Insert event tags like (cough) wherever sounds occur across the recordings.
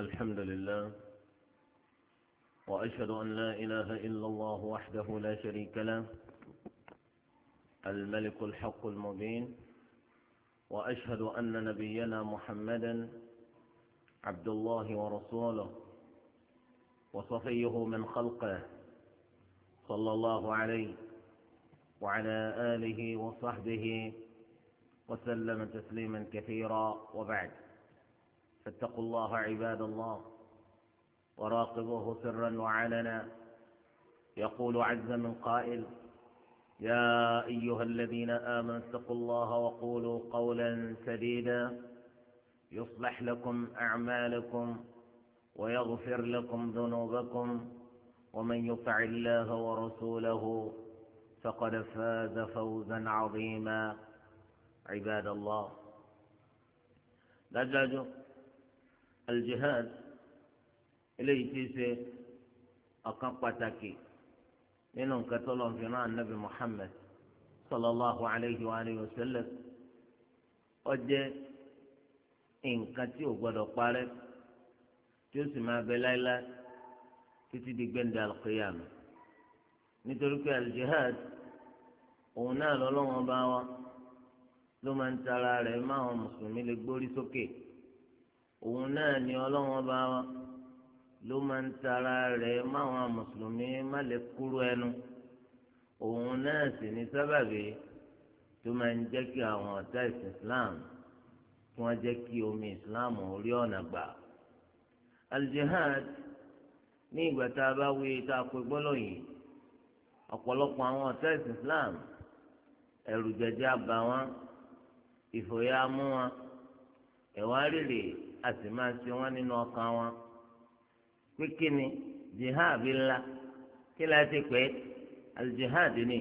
الحمد لله وأشهد أن لا إله إلا الله وحده لا شريك له الملك الحق المبين وأشهد أن نبينا محمدا عبد الله ورسوله وصفيه من خلقه صلى الله عليه وعلى آله وصحبه وسلم تسليما كثيرا وبعد فاتقوا الله عباد الله وراقبوه سرا وعلنا يقول عز من قائل يا أيها الذين آمنوا اتقوا الله وقولوا قولا سديدا يصلح لكم أعمالكم ويغفر لكم ذنوبكم ومن يطع الله ورسوله فقد فاز فوزا عظيما عباد الله لا dájúdájú aljihad eléyìí ti ṣe ọ̀kan pàtàkì nínú nǹkan tó lọ́n fi rán anabi muhammed sallallahu alayhi wa alihi wa sallam ó jẹ́ nǹkan tí ò gbọ́dọ̀ parẹ́ tí ó sì máa bẹ láéláé títí di gbẹ̀ndẹ̀ alqiyama nítorí pé aljihad òun náà lọ́lọ́wọ́n bá wa ló máa ń tara rẹ̀ máa wọn mùsùlùmí lè gbórí sókè. Okay òun náà ni ọlọ́wọ́n bá wa ló máa ń tara rẹ̀ máwọn mùsùlùmí má lè kúrú ẹnu òun náà sì ní sábàbí tó máa ń jẹ́ kí àwọn ọ̀tá ìsìn Islam kí wọ́n jẹ́ kí omi Islam orí ọ̀nà gbà. al ní ìgbà tá a bá wí tá a pè gbọ́lọ̀ yìí ọ̀pọ̀lọpọ̀ àwọn ọ̀tá ìsìn Islam ẹ̀rù jẹjẹ a sì máa ṣe wọ́n nínú ọkàn wọn pé kí ni jihad ńlá kí la ti pè é aljihad ni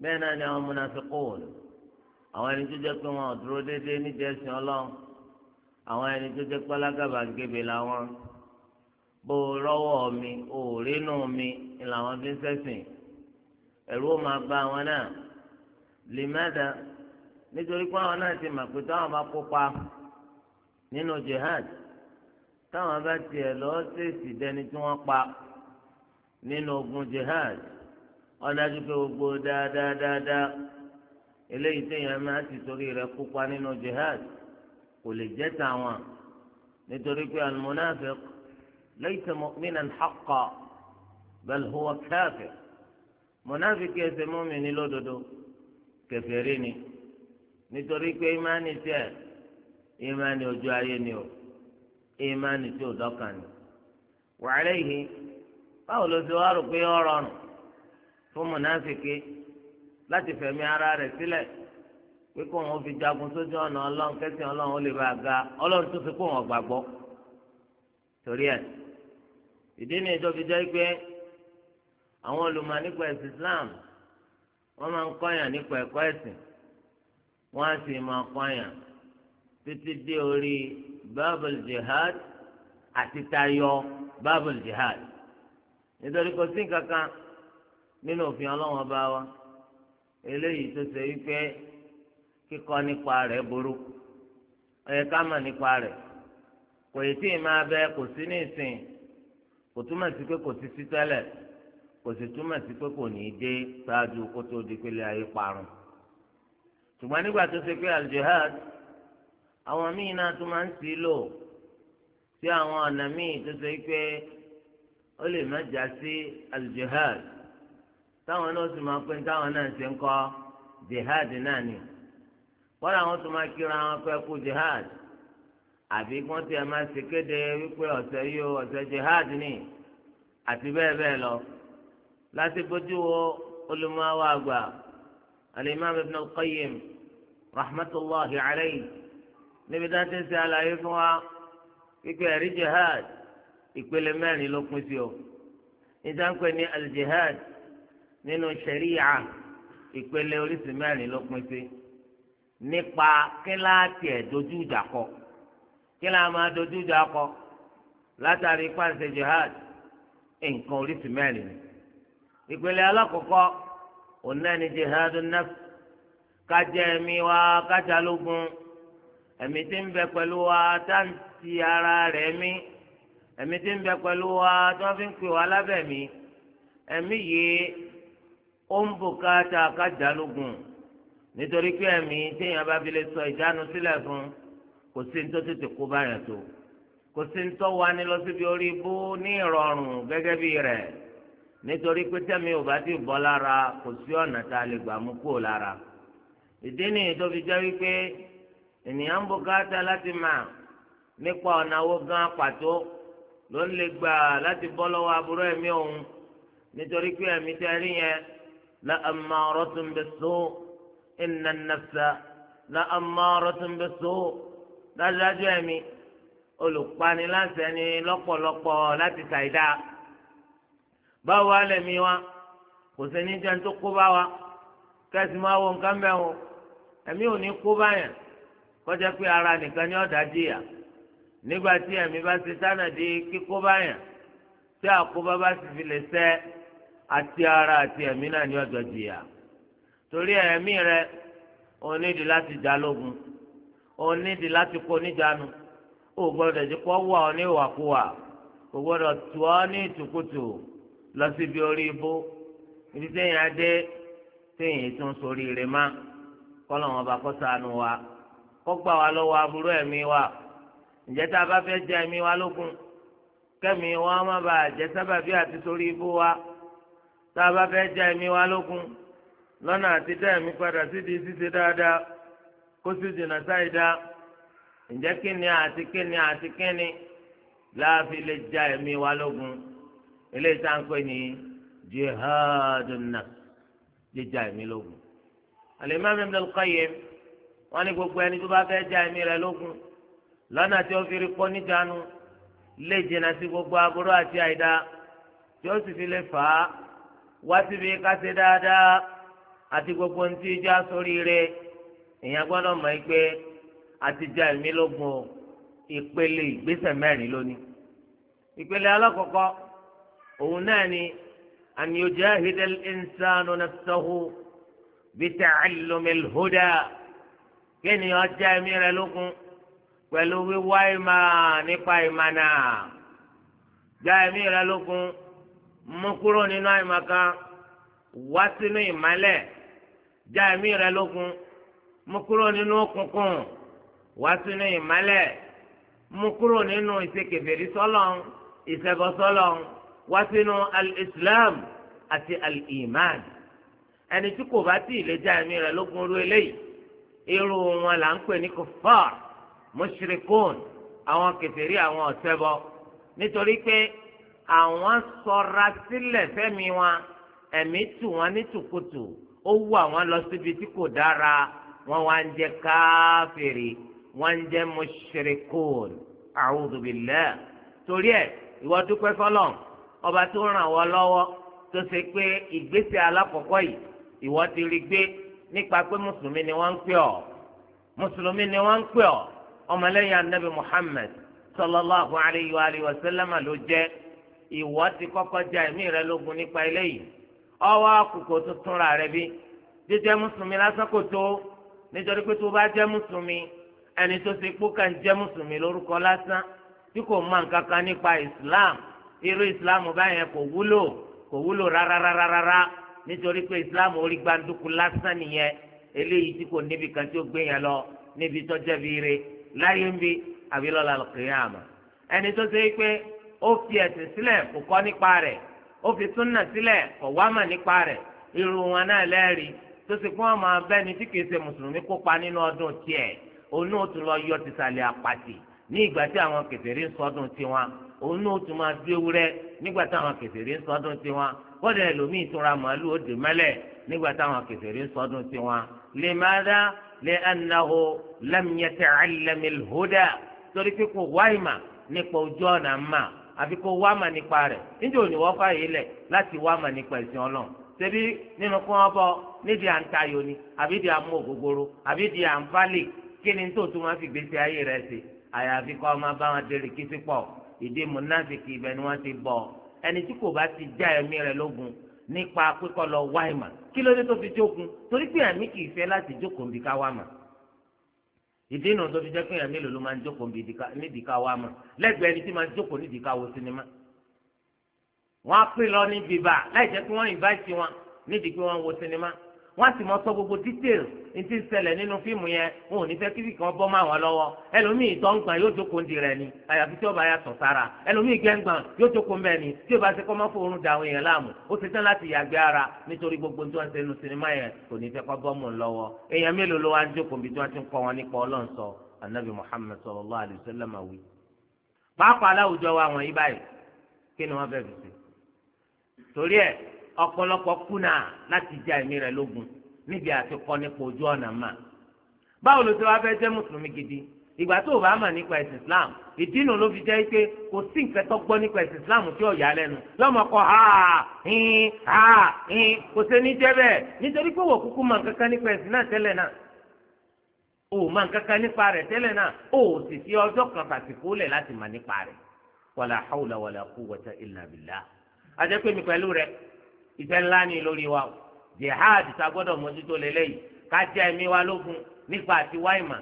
bẹ́ẹ̀ náà ni àwọn munafiqun àwọn ẹni tó jẹ́ pé wọn ò dúró déédéé nídìí ẹ̀sìn ọlọ́run àwọn ẹni tó jẹ́ pálágàbà ń gébè làwọn bó rọ́wọ́ mi òórínú mi ni làwọn fi ń ṣẹ̀sìn ẹ̀rú ó máa bá àwọn náà lè má dáa nítorí pé àwọn náà ti mà pé táwọn bá kópa nínú jihad táwọn bá tiẹ̀ lọ ṣèṣì dẹni tí wọ́n pa nínú ogun jihad ọ̀dájú pé gbogbo dáadáa dáadáa eléyìí téèyàn máa ti torí rẹ̀ kópa nínú jihad kò lè jẹ́ tàwọn nítorí pé al-munafiq laysa mu'minan haqqan bal huwa kafir mùnàfíkì ẹsẹ̀ mọ́mìnì lódodo kèfèrí ni nítorí pé imáni tiẹ̀. ìmánì ojú ayé ni o ìmánì tí ò dọ́kàn ni wàhálẹ́ yìí báwo si ti wá rò pé ó rọrùn fún ara re sile, pé kó fi jagun ga fi jẹ́ pé àwọn olùmọ̀ nípa Islam wọ́n máa ń kọ́yàn nípa ẹ̀kọ́ ẹ̀sìn wọ́n á sì máa kọ́yàn títí dé orí babul jihad ati tayo babal jihad nítorí kò sí kankan nínú òfin ọlọ́wọ́n bá wa eléyìí tó ṣe wípé kíkọ́ nípa rẹ̀ burú ọ̀yẹ ká mọ̀ nípa rẹ̀ kò yìí tí ì máa bẹ kò sí ní ìsìn kò túmọ̀ sí pé kò sí sí tẹ́lẹ̀ kò sì túmọ̀ sí pé kò ní í dé ṣáájú kó tó di pé ilé ayé parun ṣùgbọ́n nígbà tó ṣe pé aljihad àwọn míì náà tún máa ń sí lò sí àwọn ọ̀nà míì tó ṣe pé ó lè má já sí al-jihad táwọn náà sì máa pé táwọn náà ṣe ń kọ́ jihad náà ni wọ́n àwọn tó máa kíra wọn pé kú jihad àbí wọ́n ti ẹ̀ máa ṣe kéde wípé ọ̀sẹ̀ yìí ọ̀sẹ̀ jihad ni àti bẹ́ẹ̀ bẹ́ẹ̀ lọ láti bójú wo olùmọ̀ àwọn àgbà al-imam al-qayyim rahmatulahi alayhi níbi tá a ti ń ṣe àlàyé fún wa pípẹ́ ẹ̀rí jihad ìpele mẹ́rin ló pín sí o ìdáǹpẹ́ ní aljihad nínú ṣẹ̀ríyà ìpele oríṣi mẹ́rin ló pín sí nípa kíláàtì ẹ̀ dojú ìjà kọ kíláà máa dojú ìjà kọ látàrí pàṣẹ jihad nǹkan oríṣi mẹ́rin ìpele alákọ̀ọ́kọ́ òun náà ní jihad nafs kájẹ́ mi wá kájálógún ẹ̀mí tí ń bẹ pẹ̀lú wa tá ń ti ara rẹ̀ mí ẹ̀mí tí ń bẹ pẹ̀lú wa tí wọ́n fi ń pè wá lábẹ́ mi ẹ̀mí yìí ó ń bùkátà kájàlógún nítorí pé ẹ̀mí téèyàn bá fi lè sọ ìjánu sílẹ̀ fún kò sí ní tó tètè kó báyà tó kò sí ní tó wá ní lọ síbi orí bó ní ìrọ̀rùn gẹ́gẹ́ bí rẹ̀ nítorí pé tẹ́mi ò bá ti bọ́ lára kò sí ọ̀nà tá a lè gbà mú kúrò lára ìdí nìyí tó fi jẹ́ wípé ènìyàn ń bùkátà láti máa nípa ọ̀nà owó gan pàtó ló ń lè gbà láti bọ́ lọ́wọ́ aburú ẹ̀mí òun nítorí pé ẹ̀mí tẹ́ rí yẹn la ammaratun bis-sū' inna an-nafsa la ammaratun bis-sū' dájúdájú ẹ̀mí olùpani láǹṣẹ́ ni lọ́pọ̀lọpọ̀ láti ṣàìdá báwo á lẹ̀mí wa kò sí ní jẹun tó kó bá wa kẹ́sì máa wọ nǹkan bẹ́ẹ̀ o ẹ̀mí ò ní kó báyẹn kọjá pé ara nìkan ni ọ̀dà jìyà nígbà tí ẹ̀mí bá ti sánà di kíkó báyà tí àkóbá bá ti fi lè sẹ́ àti ara àti ẹ̀mí náà ni ọ̀dọ̀ jìyà torí ẹ̀mí rẹ òun nídìí láti jà lógun òun nídìí láti kó níjànú ó gbọ́dọ̀ jẹ́ kó wà ọ́ ní ìwàkuwà kò gbọ́dọ̀ tù ọ́ ní ìtùkùtù lọ síbi orí ibú ibi téèyàn dé téèyàn tún sórí rẹ̀ má kọ́ lọ́wọ́n bá kọ́ sànù wa kó gbà wá lọ́wọ́ aburú ẹ̀mí wa ǹjẹ́ tá a bá fẹ́ jẹ ẹ̀mí wa lógun kẹ́mi wa má bàa jẹ́ sábàbí àti torí ibú wa tá a bá fẹ́ jẹ ẹ̀mí wa lógun lọ́nà àti dá ẹ̀mí padà sídìí ṣíṣe dáadáa kó sì jìnnà sáì dá ǹjẹ́ kíni àti kíni àti kíni láàfin lè já ẹ̀mí wa lógun eléyìí tá à ń pè ní jihadun nafs jíjà ẹ̀mí lógun. Al-Imam Ibn al-Qayyim wọ́n ní gbogbo ẹni tó bá fẹ́ já ẹ̀mí rẹ̀ lógun lọ́nà tí ó fi rí pọ́ níjànú lè jìnnà sí gbogbo aburú àti àìda tí ó sì fi lè fà á wá síbi káṣe dáadáa àti gbogbo ohun tí ìjà sórí rẹ̀ èèyàn gbọ́dọ̀ mọ̀ ẹ́ pé àti já ẹ̀mí lógun ìpele ìgbésẹ̀ mẹ́rin lónìí ìpele alákọ̀ọ́kọ́ òun náà ni an yujahida al-insanu nafsahu bi ta'allumi al-huda kéènìyàn já ẹ̀mí rẹ̀ lókun pẹ̀lú wíwá ìmà nípa ìmà náà já ẹ̀mí rẹ̀ lókun mú kúrò nínú àìmà kan wá sínú ìmálẹ̀ já ẹ̀mí rẹ̀ lókun mú kúrò nínú òkùnkùn wá sínú ìmálẹ̀ mú kúrò nínú ìṣekèfèrí sọ́lọ̀ ìṣẹbọ sọ́lọ̀ wá sínú al-islam àti al-iman ẹni tí kò bá tí ì lè já ẹ̀mí rẹ̀ lókun rú eléyìí irú wọn là ń pè ní kòfàr mushrikun àwọn kèfèrí àwọn ọ̀ṣẹbọ nítorí pé àwọn sọra sílẹ̀ fẹ́mi wọn ẹ̀mí tù wọn ní tùkùtù ó wù àwọn lọ síbi tí kò dára wọn wá ń jẹ káfìrí wọn ń jẹ mushrikun a'udhu billah torí ẹ ìwọ dúpẹ́ fọlọ́n ọba tó ràn wọ́ lọ́wọ́ tó ṣe pé ìgbésẹ̀ alákọ̀ọ́kọ́ yìí ìwọ ti rí gbé nípa pé mùsùlùmí ni wọ́n ń pè ọ́ mùsùlùmí ni wọ́n ń pè ọ́ ọmọlẹ́yìn anabi muhammed sallallahu alayhi wa alayhi wa sallam ló jẹ́ ìwọ ti kọ́kọ́ já ẹ̀mí rẹ lógun nípa eléyìí ọwọ́ àkùkọ tó túnra rẹ bí jíjẹ́ mùsùlùmí lásán kò tó nítorí pé tó bá jẹ́ mùsùlùmí ẹni tó ṣe kó kàn jẹ́ mùsùlùmí lórúkọ lásán tí kò mọ nǹkan kan nípa islam irú islam báyẹn kò wúlò kò wúlò rárá rárá rárá nítorí pé islam orí gbàǹdùkú lásán nìyẹn eléyìí tí kò níbi kan tí ó gbé yẹn lọ níbi tọ́jẹ́ bí ire láyé ń bi àbí lọ́la lọ́kìyàmà ẹni tó ṣe pé ó fi ẹ̀sìn sílẹ̀ kò kọ́ nípa rẹ̀ ó fi súnà sílẹ̀ kò wá mà nípa rẹ̀ irú wọn náà lẹ́rìí tó ṣe fún ọmọ abẹ́ni tí kìí ṣe mùsùlùmí kópa nínú ọdún tiẹ̀ òun náà tún lọ yọ tìsàlẹ̀ àpàtì ní ìgbà tí àwọn kèfèrí ń sọdún tiwọn òun náà tún máa dúró rẹ nígbà tí àwọn kèfèrí ń sọdún tiwọn kódà ẹlòmíì tó ra màálù ó dè mẹ́lẹ̀ nígbà táwọn kèfèrí sọdún tiwọn limadha li'annahu lam yata'allam al-huda torí pé kò wáyìmà nípa ojú ọ̀nà mà àfi kò wáyìmà nípa rẹ̀ níjẹ́ òní wọ́n fààyè lẹ̀ láti wáyìmà nípa ìsìn ọlọ́run ṣebí nínú kí wọ́n bọ́ nídìí à ń tayọ ni àbí di à ń mú ògógóró àbí di à ń fálè kí ni tó tún wọn fi gbèsè ayé rẹ̀ ṣe àyàfi kọ́ ọ máa bá wọn délé kí sí pọ̀ ìdí ẹni tí kò bá ti já ẹ̀mí rẹ̀ lógun nípa pípọ́ lọ wá ìmọ̀ kí ló dé tó fi jókun torí pé ẹ̀mí kì í fẹ́ láti jókòó níbi ká wá mà ìdí ìnà tó fi jẹ́ pé ẹ̀mí lòlú máa ń jókòó níbi ká wá mà lẹ́gbẹ̀ẹ́ ẹni tí máa ń jókòó níbi ká wo sinimá wọ́n á pè lọ níbi bá láì jẹ́ pé wọ́n invite wọn níbi pé wọ́n wo sinimá wọ́n á sì mọ sọ gbogbo details ní ti ṣẹlẹ̀ nínú fíìmù yẹn wọn ò ní fẹ́ kíbi kan bọ́ máa wọn lọ́wọ́ ẹlòmíì ìtọ́ǹgbọ̀n yóò jókòó ń di rẹ̀ ni àyàfi tí ó bá yàtọ̀ sára ẹlòmíì gẹ́ǹgbọ̀n yóò jókòó mbẹ́ ni tí ó bá ṣe kọ́ máa fòórùn da àwọn èèyàn láàmú ó ṣe tán láti yàgbé ara nítorí gbogbo tí wọ́n ṣe nu sinimá yẹn kò ní fẹ́ kọ́ bọ́ mọ̀ lọ́wọ́ èèyàn mélòó ló wá ń jókòó bí tí wọ́n ti ń kọ́ wọn nípa ọlọ́run sọ anabi muhammed sallallahu alayhi wa sallam awi pàápàá aláwùjọ wa wọ̀nyí ọ̀pọ̀lọpọ̀ kuna láti jẹ ẹ̀mí rẹ̀ lógun níbi àti kọ́ nípa ojú ọ̀nà mà báwo ló ti wá fẹ́ jẹ́ mùsùlùmí gidi ìgbà tó o bá mà nípa ẹ̀sìn islam ìdínà ló fi jẹ́ pé kò sí nǹkan tó gbọ́ nípa ẹ̀sìn islam tí ọ̀yà lẹ́nu lọ́mọ kọ́ ha hin ha hin kò sí ní jẹ́ bẹ́ẹ̀ nítorí pé wọ́n kúkú mọ nǹkan kan nípa ẹ̀sìn náà tẹ́lẹ̀ náà o mọ nǹkan kan nípa rẹ̀ tẹ́lẹ̀ náà o sì fi ọjọ́ kan pàtìkú lẹ̀ láti mà nípa rẹ̀ wàlà hàwùlà wàlà kúwwata ìlà bìlà àjẹpẹ́ mi pẹ̀lú rẹ̀ iṣẹ́ ńlá ni lórí wa o jihad ta gbọ́dọ̀ mójútó lélẹ́yìí ká jẹ́ ẹ̀mí wa lógun nípa àtiwá ìmà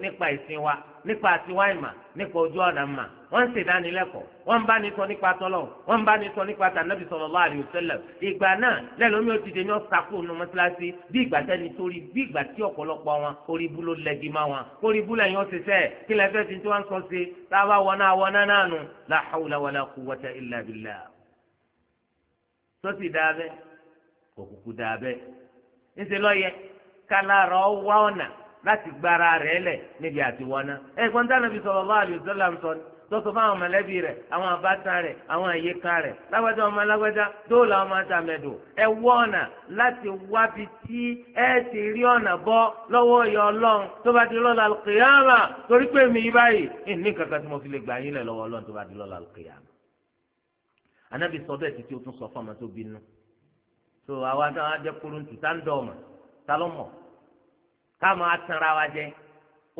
nípa ìsìn wa nípa àtiwá ìmà nípa ojú ọ̀nà mà wọ́n ń ṣèdánilẹ́kọ̀ọ́ wọ́n ń bá ní sọ nípa tọ́lọ̀ wọ́n ń bá ní sọ nípa tànàbí sallallahu alaihi wasallam ìgbà náà lẹ́lọ́mí ó ti dé ní ọ̀sàkó nu mọ́tíláṣí bí ìgbà tẹ́ni torí bí ìgbà tí ọ̀pọ̀lọpọ̀ wọn orí ló lẹ́gi má wọn orí lẹ́yìn ó ti sẹ́ kí lẹ́fẹ́ fi tí wọ́n ń sọ sí táwa wọná wọná náà nù la hawla wala sọ́sì dáa bẹ́ẹ̀ kò kúkú dáa bẹ́ẹ̀ níṣẹ́ lọ́yẹ kálára ọ wá ọ̀nà láti gbára rẹ̀ lẹ̀ níbi àti wọná ẹ̀gbọ́n dáná bí sọ̀rọ̀ bá àlùyò sọ́lá ń sọ ni tọ́sọ fáwọn mọ̀lẹ́bí rẹ̀ àwọn àbátan rẹ̀ àwọn àyíká rẹ̀ lágbájá ọmọ lágbájá dóòlà ọmọ àtàmẹ̀dò ẹ wọ ọ̀nà láti wábi tí ẹ ti rí ọ̀nà bọ́ lọ́wọ́ ìyá ọlọ́run tó bá di lọ́la alùkìyàmà torí pé mi báyìí ní nǹkan tí mo fi lè gbà yín lẹ̀ lọ́wọ́ ọlọ́run tó bá di lọ́la alùkìyàmà anabi sọ bẹ́ẹ̀ títí o tún sọ fún ọmọ tó bínú so àwa náà á jẹ kúrúntù tá ń dọ ọmọ tá ló mọ káàmù atanra wa jẹ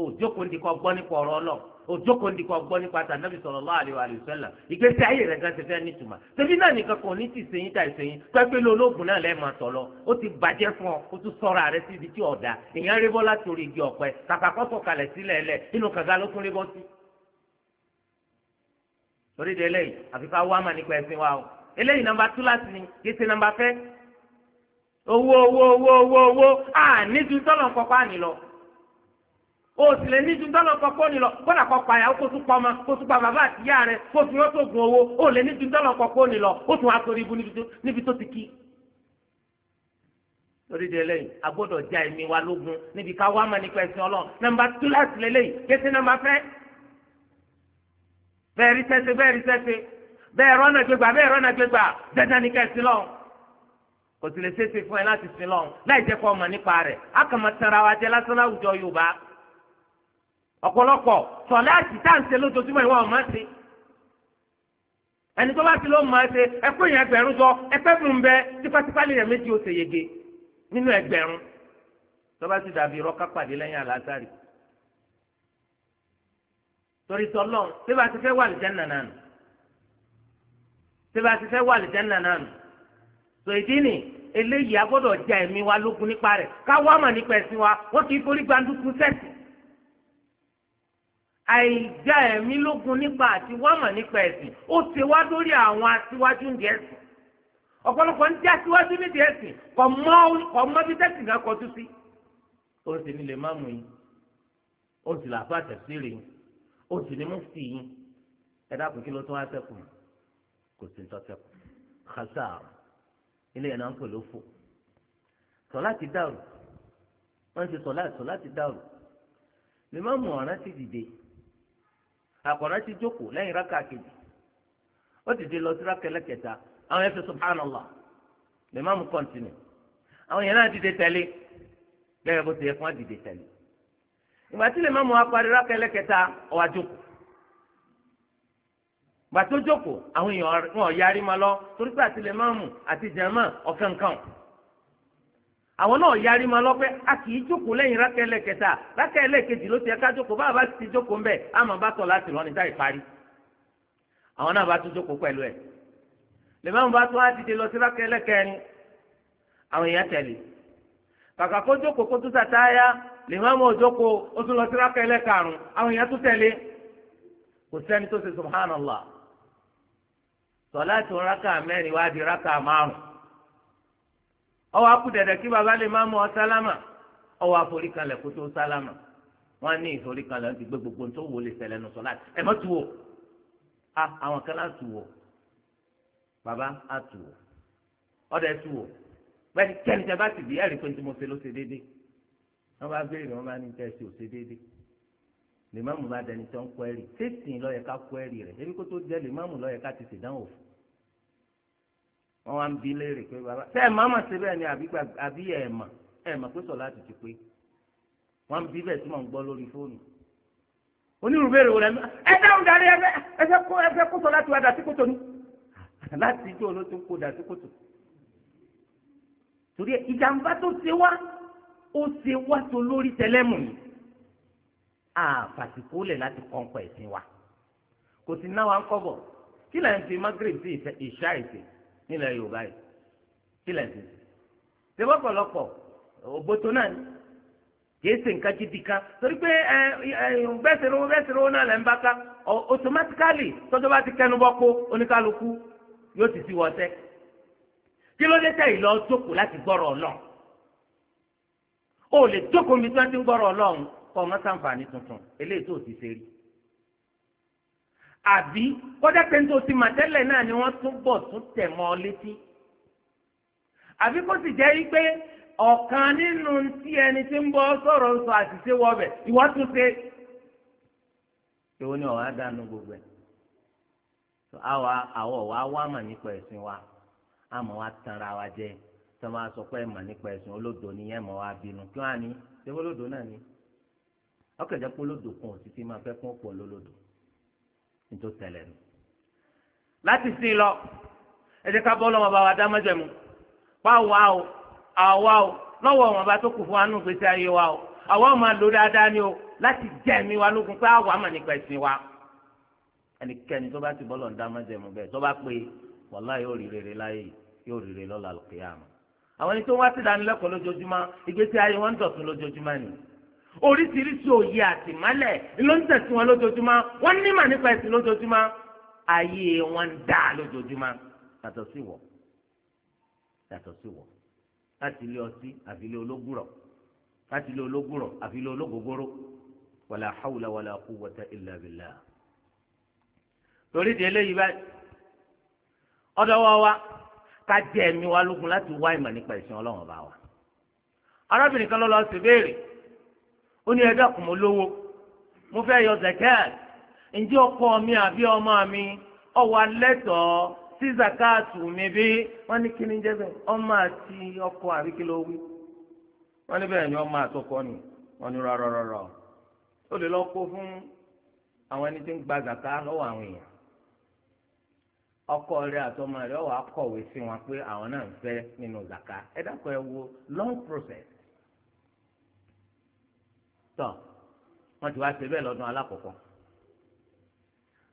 òjókòó ndikọ gbọ́ nípa ọ̀rọ̀ ọlọ òjókòó ndikọ gbọ́ nípa tànàbì sallallahu alaihi wa sallam ìgbésí ayé rẹ̀ gan ti fẹ́ nítumọ̀ tẹbí náà nìkan kò ní ti sèyìn tà ìsèyìn pẹpẹ ló ológun náà lẹẹma tọlọ ó ti bàjẹ́ fún ọ ó tún sọra rẹ̀ síbi tí ọdà èèyàn rébọ láti orí igi ọ̀pẹ kàkàkọ sọ̀kalẹ̀ sílẹ̀ ẹlẹ inú kàga ló tún rébọ sí torí de eléyìí àfi ká wá mà nípa ẹ̀sìn wa o eléyìí nàmbà tú láti ní kí ṣe nàmbà fẹ́ owó owó owó owó owó à nídùú tọ́lọ̀ kọ́kọ́ àní lọ o sì lè nídùú tọ́lọ̀ kọ́kọ́ àní lọ gbọ́dọ̀ kọ́ payà ó kó tún pa ọmọ kó tún pa bàbá àti ìyá rẹ kó tún yóò gun owó o lè nídùú tọ́lọ̀ kọ́kọ́ àní lọ ó tún wá sórí ibu níbi tó ti kí torí de lẹ́yìn a gbọ́dọ̀ já ẹ̀mí wa lógun níbi ká wá mà nípa ẹ̀sìn Ọlọ́run nàmbà tú láti lẹ́yìn kí ṣe nàmbà fẹ́ bẹ́ẹ̀ rí sẹ́sẹ́ bẹ́ẹ̀ rí sẹ́sẹ́ bẹ́ẹ̀ rọ́nà gbégbà bẹ́ẹ̀ rọ́nà gbégbà dandan ni kẹ́sì lọ kò sì lè ṣeéṣe fún ẹ láti sin lọ láì jẹ́ kó ọmọ nípa rẹ̀ á kàn máa tẹ̀ra wa jẹ lásán láwùjọ Yorùbá ọ̀pọ̀lọpọ̀ sọ̀lá àti táǹsẹ̀ lójoojúmọ́ ìwọ ọ̀ma ṣe ẹni tó bá ti ló máa ṣe ẹkún yẹn ẹgbẹ̀rún jọ ẹgbẹ́ fún un bẹ tipátipá lè yẹn méjì ó ṣe yege nínú ẹgbẹ̀rún tó bá ti dàbí irọ́ kápàdé lẹ́yìn àlásàrì torí tọlọ́n tí bá ti fẹ́ wà lìjẹ́ nànà nù tí bá ti fẹ́ wà lìjẹ́ nànà nù tó ìdí nì eléyìí agbọ́dọ̀ ja ẹ̀mí wa lógun nípa rẹ̀ káwá mà nípa ẹ̀sìn wa wọ́n kì í forí gbanduku sẹ́sì àìjà ẹ̀mí lógun nípa àti wá mà nípa ẹ̀sìn ó ṣe wá lórí àwọn aṣíwájú ń gẹ̀ẹ́sì ọ̀pọ̀lọpọ̀ ń jẹ́ aṣíwájú ní gẹ̀ẹ́sì kọ̀ mọ́ bí sẹ́sì kan kọjú sí. ó sì ní lè má mú yín ó sì làbá tẹ̀síìrì yín ó sì ní mufti yín ẹ dákun kí ló tún wá sẹ́kù kò sí tó sẹ́kù khasara ilé yẹn náà ń pè lófò sọláàtì dàrú wọ́n ti sọláàtì sọláàtì dàrú limamu ọ̀ràn ti dìde àkọ̀ràn ti jókòó lẹ́yìn rákà kejì ó dìde lọ sí rákà ẹlẹ́kẹta àwọn yẹn fi subhanallah limamu kọ́ntínú àwọn yẹn náà dìde tẹ̀lé lẹ́yìn bó ti yẹ fún wa dìde tẹ̀lé ìgbà tí lè má mú apari rákẹ́lẹ́ kẹta ọ̀wá jókòó ìgbà tó jókòó àwọn èèyàn wọn yarí ma lọ torí pé àti lè má mú àti jàmá ọ̀kankan àwọn náà yarí ma lọ pé a kì í jókòó lẹ́yìn rákẹ́lẹ́ kẹta rákẹ́lẹ́ kejì ló ti ẹ̀ka jókòó bá a bá ti jókòó ńbẹ àmọ́ bá tọ̀ láti lọ́ni táì parí àwọn náà bá tún jókòó pẹ̀lú ẹ̀ lè má mú bá tún á lọ sí rákẹ́lẹ́ kẹrin àwọn èèyàn tẹ̀lé kàkà kó jókòó kó tún sàtáyà lèmọ́mọ́ òjòkó ó tún lọ síráka ẹlẹ́karùn-ún àwọn èèyàn tún tẹ̀lé kò sẹ́ni tó ṣe subhanallah sọláàtì rákà mẹ́rin wá di rákà márùn ọwọ́ akú dẹ̀dẹ̀ kí baba lè má mọ ọ sálámà ọwọ́ àforíkalẹ̀ kó tó sálámà wọ́n ní ìforíkalẹ̀ ti gbé gbogbo tó wò lè ṣẹlẹ̀ nù sọláàtì ẹ̀ mọ́ tu wò a àwọn kan tu wò baba á tu wò ọ̀dẹ̀ tu wò bẹ́ẹ̀ ni kẹ́ni bá ti bí ẹ̀rí pé ní mo ṣe ló ṣe déédéé wọ́n bá béèrè wọ́n bá ní tẹ́sí òsè déédéé lèmọ́mù bá dẹni tó ń kọ́ ẹ̀rì sẹ́sìn lọ́yẹ ká kọ́ ẹ̀rì rẹ̀ ebi kó tó jẹ́ lèmọ́mù lọ́yẹ ká ti ṣèdánwò fún wọn wá ń bi léèrè pé bàbá tẹ́ ẹ̀ máa mà ṣe bẹ́ẹ̀ ni àbí ẹ̀ mà ẹ̀ mà pé sọ̀ láti ti pé wọn ń bi bẹ́ẹ̀ tí mò ń gbọ́ lórí fóònù onírúbèrè wò lẹ́nu ẹ dáhùn darí ẹ fẹ́ kó ẹ fẹ́ kó sọ láti wá dàtí kótó ni láti ijó ló tún kó dàtí kótó torí ìjàmbá tó ṣe wá ó ṣe wáṣọ lórí tẹlẹ́mù ni àfàsìkò lẹ̀ láti kọ́ńkọ́ ẹ̀sìn wa kò sí náà wá ń kọ́ bọ̀ kí lẹ́yìn fi magreth sí ìṣá ìṣe nílẹ̀ yorùbá yìí kí lẹ́yìn fi ṣe wọ́pọ̀lọpọ̀ ògbótó náà ni kìí ṣe nǹkan gidi kan torí pé ẹ ẹ bẹ́sẹ̀rẹ̀ owó bẹ́sẹ̀rẹ̀ owó náà lẹ́ ń bá ká automatically tọ́jọ́ bá ti kẹnu bọ́ kó oníkálukú yóò ti sí wọ́ọ́sẹ́ kí ló dé tẹ̀ ìlọ jókòó láti gbọ́rọ̀ náà o lè jókòó mi tí wọ́n ti ń gbọ́rọ̀ ọlọ́run kọ́ ọmọ sàǹfààní tuntun eléyìí tó ti ṣe rí àbí kọjá pé ní tó ti mà tẹ́lẹ̀ náà ni wọ́n tún bọ̀ tún tẹ̀ mọ́ ọ létí àbí kó sì jẹ́ pé ọ̀kan nínú tí ẹni tí ń bọ́ sọ̀rọ̀ sọ àṣìṣe wọbẹ̀ ìwọ́n tún ṣe èwo ni ọ̀hún àdánù gbogbo ẹ̀ àwa àwọ̀ wa wá mà nípa ẹ̀sìn wa àmọ́ wa tanra wa jẹ́ tó máa sọ pé ẹ̀mà nípa ẹ̀sìn olódò ni ẹ̀mà wa bínú kí wọ́n á ní ṣé olódò náà ni ọkẹ̀jẹ̀ pé olódò kan ò sì fi máa fẹ́ kún ọ̀pọ̀ lólódò nítorí tẹ̀lẹ̀ nù. láti sí lọ ẹ jẹ́ ká bọ́ lọ́wọ́ bá wa dá mọ́jẹ̀mú pa àwa o àwa o lọ́wọ́ wọn bá tó kù fún wa nù gbèsè ayé wa o àwa ò máa lò dáadáa ni o láti jẹ́ ẹ̀mí wa lógun pé àwa mà nípa ẹ̀sìn wa ẹnikẹ́ni tó bá ti bọ́ lọ́ọ̀ dá mọ́jẹ̀mú bẹ́ẹ̀ tó bá pé wàláhì yóò rí rere láyé yóò rí rere lọ́la lọ́kẹ́yàmù àwọn ẹni tó wá sí ìdánilẹ́kọ̀ọ́ lójoojúmọ́ ìgbésí ayé wọn ń dọ̀tún lójoojúmọ́ ni oríṣiríṣi òye àtìmọ́lẹ̀ ló ń tẹ̀sí wọn lójoojúmọ́ wọ́n ní mà nípa ẹ̀sìn lójoojúmọ́ ayé wọn ń dà lójoojúmọ́ yàtọ̀ sí wọ̀ yàtọ̀ sí wọ̀ láti ilé ọtí àfi ilé ológùrọ̀ láti ilé ológùrọ̀ àfi ilé ológogoro wàlà hàwùlà wàlà quwwata illa billah torí di eléyìí báyìí ọ̀dọ̀ wa wa ká jẹ ẹ̀mí wa lógun láti wá ìmọ̀ nípa ìsìn ọlọ́run bá wa. arábìnrin kan ló lọ sí béèrè ó ní ẹjọ́ kùn mọ́ lówó mo fẹ́ yọ zakat ǹjẹ́ ọkọ mi àbí ọmọ mi ọwọ́ alẹ́tọ̀ọ́ sí zakatu mi bí wọ́n ní kí ni jẹ́ bẹ́ẹ̀ ọmọ àti ọkọ àbí kí ló wí wọ́n ní bẹ́ẹ̀ ni ọmọ àti ọkọ ni wọ́n ní rárá ó lè lọ kó fún àwọn ẹni tí ń gba zakat lọ́wọ́ àwọn èèyàn ọkọ rẹ àtọmọ rẹ wàá kọ̀wé sí wọn pé àwọn náà ń fẹ́ nínú zaka ẹ dákọ ẹ wo long process tọ wọn ti wá ṣe bẹ́ẹ̀ lọ́dún alákọ̀ọ́kọ́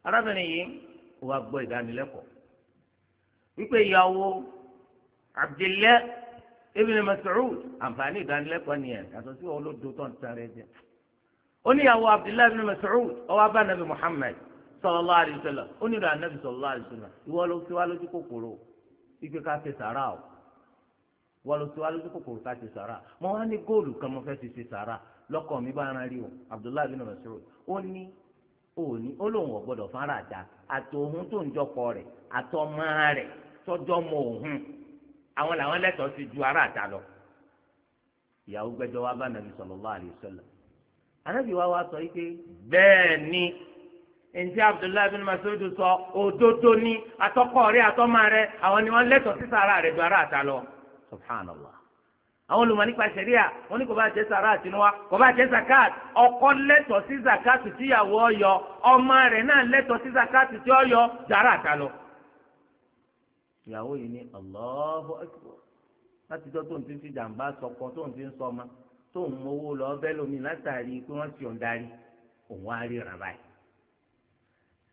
arábìnrin yìí wàá gbọ́ ìdánilẹ́kọ̀ọ́ wípé ìyàwó Abdillah ibn Mas'ud àǹfààní ìdánilẹ́kọ̀ọ́ nìyẹn yàtọ̀ sí wọn ló do tó ń tan rẹ jẹ oníyàwó Abdillah ibn Mas'ud ọwọ abánabi Muhammad sallallahu alaihi wasallam ó nílò ànábì sallallahu alaihi wasallam ìwọ ló fi wá lójú kòkòrò ìgbé ká ṣe sàrà o ìwọ ló fi wá lójú kòkòrò ká ṣe sàrà mo wá ní góòlù kan mo fẹ́ ti ṣe sàrà lọ́kọ̀ mi bá ara rí o Abdullahi bin Mas'ud ó ní òní ó lóun ò gbọdọ̀ fara àjà àtòhun tó ń jọpọ̀ rẹ̀ àtọmọ rẹ̀ tọjọ́ mọ òhun àwọn làwọn lẹ́tọ̀ọ́ sí ju ara àjà lọ ìyàwó gbẹjọ wa bá nàbì sallallahu alaihi wasallam wa wá sọ yìí pé bẹ́ẹ̀ ni ẹnjẹ abdullahi bin masoud sọ òdodo ni atọkọ rẹ atọmọ rẹ àwọn ni wọn lẹ́tọ̀ọ́ sí rẹ ju ara àta lọ subhanallah àwọn olùmọ̀ nípa sẹríà wọn ní kò bá jẹ sàrà kò bá ọkọ lẹ́tọ̀ọ́ sí zakat tíyàwó ọyọ ọmọ rẹ náà sí zakat tí ọyọ ara lọ. ìyàwó yìí Allahu akbar láti jọ ti ń fi jàǹbá sọkọ ti ń sọ ọmọ mowó lọ bẹ́ẹ̀ lómi látàrí pé wọ́n ti ọ̀ ń darí òun á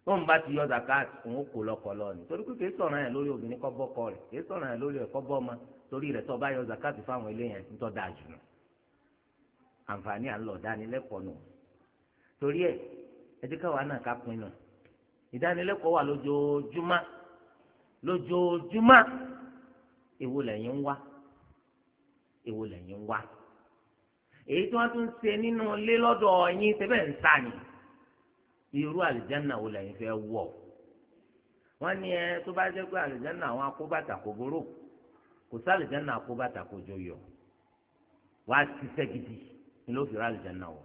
tóun bá ti yọ zakat òun kò lọkọ lọ ni torí pé kìí sọ̀rọ̀ yẹn lórí obìnrin kọ́ bọ́kọ rẹ̀ kìí sọ̀rọ̀ yẹn lórí ẹ̀kọ́ bọ́ọ̀mọ torí rẹ̀ tó bá yọ zakat fáwọn ilé yẹn nítọ́ da jù nù àǹfààní à ń lọ dánilẹ́kọ̀ọ́ nù torí ẹ̀ ẹ náà ká pinnu ìdánilẹ́kọ̀ọ́ wà lójoojúmọ́ lójoojúmọ́ èwo lẹ́yìn wá èwo lẹ́yìn wá èyí tí wọ́n tún ṣe nínú ilé lọ́dọ̀ ọ̀yin irú àlìjáná wo lẹ́yìn fẹ́ wọ̀ wọ́n ní ẹ tó bá jẹ́ pé àlìjáná àwọn akóbàtà kò borò kò sí àlìjáná akóbàtà kò jọ yọ wàá ṣiṣẹ́ gidi ni ló fi rà àlìjáná wọ̀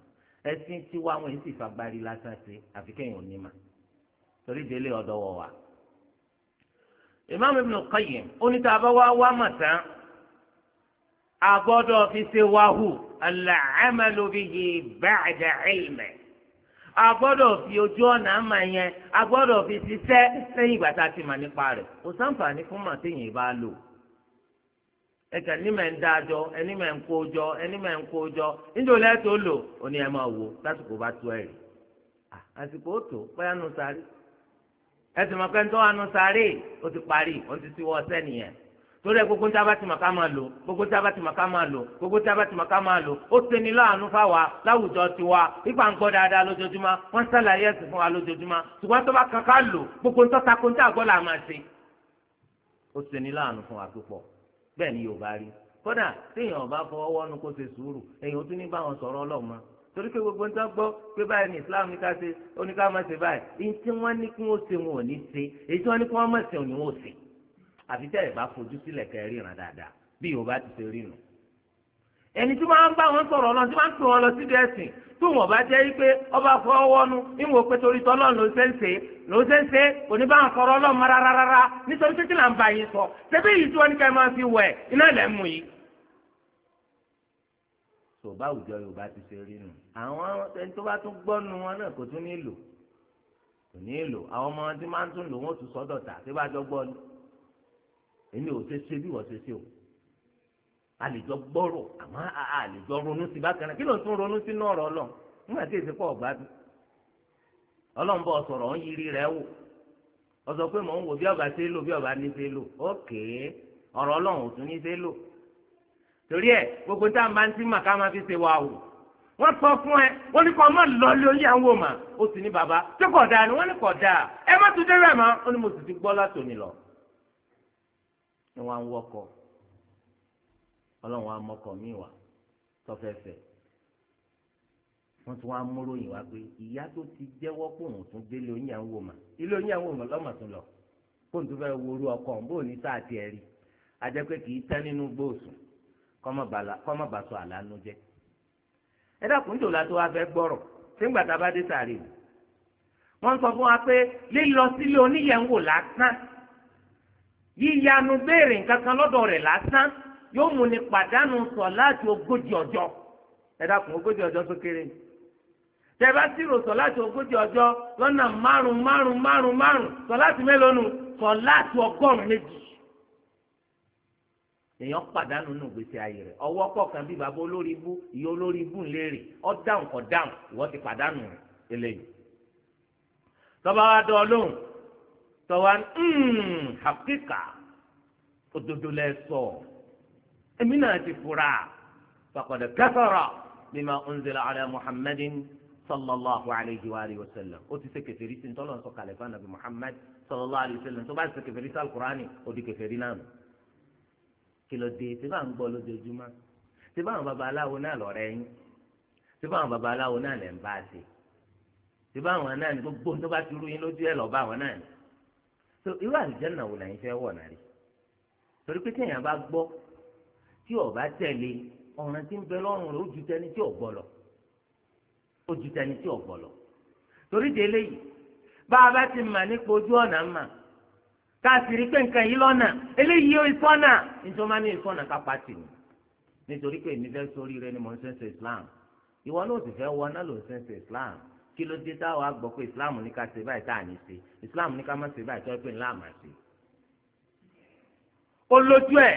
ẹsìn tí wá wọn sì fagbárí lásán sí àfi kẹ́yìn òní mà torí délé ọ̀dọ̀ wọ̀ wá. Imam Ibn Qayyim onítàbá wa wá mà tán a fi ṣe wáhù al-amalu bihi ba'da ilmihi. a gbọ́dọ̀ fi ojú ọ̀nà àmà yẹn a gbọ́dọ̀ fi ṣiṣẹ́ ti mà nípa rẹ̀ kò sáǹfààní fún màtíyìn bá lò ẹ̀kẹ́ ní mẹ́ ń dá ẹni mẹ́ ń kó jọ ẹni mẹ́ ń kó jọ níjọ́ lẹ́tọ́ lò ó ní ẹ máa wò lásìkò bá tó àsìkò ó tó nù sáré ń tọ́ wa nù sáré torí ẹ gbogbo tábà tí màkà máa lò gbogbo tábà tí màkà máa lò gbogbo tábà tí màkà máa lò ó ṣeni láàánú fáwa láwùjọ tiwa ipa ń gbọ́ dáadáa lójoojúmọ́ wọ́n sàlàyé ẹ̀sìn fún wa lójoojúmọ́ ṣùgbọ́n tó bá kankan lò gbogbo ń tọ́ta kó ń tà gbọ́ là máa ṣe. ó ṣeni láàánú fún wa púpọ̀ bẹ́ẹ̀ ni yóò bá rí kódà téèyàn ò bá fọwọ́ wọ́nu kó ṣe sùúrù èèyàn tún ní báwọn sọ̀rọ̀ ọlọ́mọ torí pé gbogbo nǹkan gbọ́ pé báyìí ní Islam ní ká ṣe oníkàmọ́ṣe báyìí ní tí wọ́n ní kí wọ́n ṣe wọn ò ní ṣe èyí tí wọ́n ní kí wọ́n mọ̀ ṣe wọn ò ní wọ́n ṣe àfi tẹ́ ẹ̀ bá fojú sílẹ̀ kẹ́ ríran dáadáa bí yorùbá ti ṣe rí nu. ẹni tí wọ́n bá wọn sọ̀rọ̀ náà tí wọ́n pè wọn lọ sí dẹ́sìn tó wọ́n bá jẹ́ pé ọba fọwọ́nu níwọ̀n pé torí tọ́lọ́ ló ṣe ń ṣe ló ṣe ń ṣe kò ní bá ń sọ̀rọ̀ ọlọ́mọ rárára nítorí títí là ń bá yín sọ ṣebí èyí tí wọ́n ní ká máa fi wẹ̀ iná lẹ̀ mú yìí. tòbá òjò yorùbá ti ṣe rí nu àwọn ẹni tó bá tún gbọ́nu wọn náà kò tún ní lò kò ní lò àwọn ọmọ tí máa ń tún lò wọ́n tún sọ́dọ̀ tà tí bá jọ gbọ́ èmi ò ṣe ṣe bí wọ́n ṣe ṣe o a lè jọ gbọ́rọ̀ àmọ́ a lè jọ ronú sí bákan náà kí ló ń tún ronú sínú ọ̀rọ̀ ọlọ́run nígbà tí èsì pọ̀ gbádùn ọlọ́run bọ̀ sọ̀rọ̀ ń yiri rẹ̀ wò ọ sọ pé mò ń wò bí ọba ṣe lò bí ọba ní ṣe lò ókèé ọ̀rọ̀ ọlọ́run ò tún ní ṣe lò torí ẹ gbogbo tá a máa ń tí màkà máa fi ṣe wa wò wọ́n sọ fún ẹ wọ́n ní kọ́ ọ má lọ lé oyé àwọn òmà ó sì ní bàbá tó kọ̀ dáa ni wọ́n ní kọ̀ dáa ẹ má tún dẹ́rẹ́ mọ́ ó ní mo sì ti gbọ́ látòní lọ. ni nwoke á ń wọ́kọ̀ ọlọ́run wa mọ́kọ̀ míì wá tún ìyá tó ti jẹ́wọ́ pé òun tún délé oyin àwọn òmà ilé oyin àwọn òmà lọ́mọ̀ tún lọ kó tún sọ ẹ dákun tó wá sígbà tá a bá dé sàárè sọ fún wa pé yíyanu béèrè nǹkan kan lọ́dọ̀ rẹ̀ lásán yóò mú ni pàdánù sọ láti ogójì ọjọ́ ẹ dákun ogójì ọjọ́ tó kéré tẹ́bá sírò sọ láti ogójì ọjọ́ lọ́nà márùn márùn márùn márùn sọ láti sọ láti ọgọ́rùn méjì èèyàn pàdánù nù gbèsè ayé rẹ̀ ọwọ́ kọ̀ọ̀kan bíi bàbá olórí ibú ìyá olórí ibú ọ́ dáhùn dáhùn pàdánù eléyìí tọ́ba tọ́wọ́n hmm, hakika òdodo lẹ sọ èmi náà ti fura fàkọ̀dẹ̀ kẹsàrà bímọ ọ̀nzẹ̀lẹ̀ alẹ́ muhammadin sallallahu alayhi wa alihi wa sallam ó ti ṣe kèfèrí sí ntọ́lọ́ nsọ kàlẹ́fà nàbì muhammad sallallahu alayhi wa sallam tó bá ṣe kèfèrí sí alukurani ó di kèfèrí náà nù kìlọ̀dé tí bá ń gbọ́ lójoojúmọ́ tí bá àwọn babaláwo náà lọ́rẹ́ yín tí bá àwọn babaláwo náà lẹ́ ń bá a ṣe tí bá àwọn náà ní gbogbo tó bá ti rú yín lójú ẹ̀ lọ́ bá àwọn náà ní so irú àlùjànnà wò lẹ́yìn fẹ́ wọ̀ náà rí torí pé téèyàn bá gbọ́ tí ó bá tẹ̀lé ọ̀ràn tí ń bẹ lọ́rùn rẹ̀ ó ju tẹni tí ò gbọ́ lọ ó ju tẹni tí ò gbọ́ lọ torí délé yìí bá a bá ti mà nípa ojú ọ̀nà mà ká sì rí pé nǹkan yìí lọ́nà eléyìí ó ìsọ́nà nítorí má ní ìsọ́nà ká pàtì ni nítorí pé èmi fẹ́ sórí rẹ ni mo ń sẹ́nsẹ̀ Islam ìwọ náà sì fẹ́ wọ náà ló ń sẹ́nsẹ̀ Islam kí ló dé táwọn àgbọ̀ pé islam ní ká ṣe báyìí tá à ní ṣe islam ní ká má ṣe báyìí tó ẹ pé ńlá àmà ṣe. ó lójú ẹ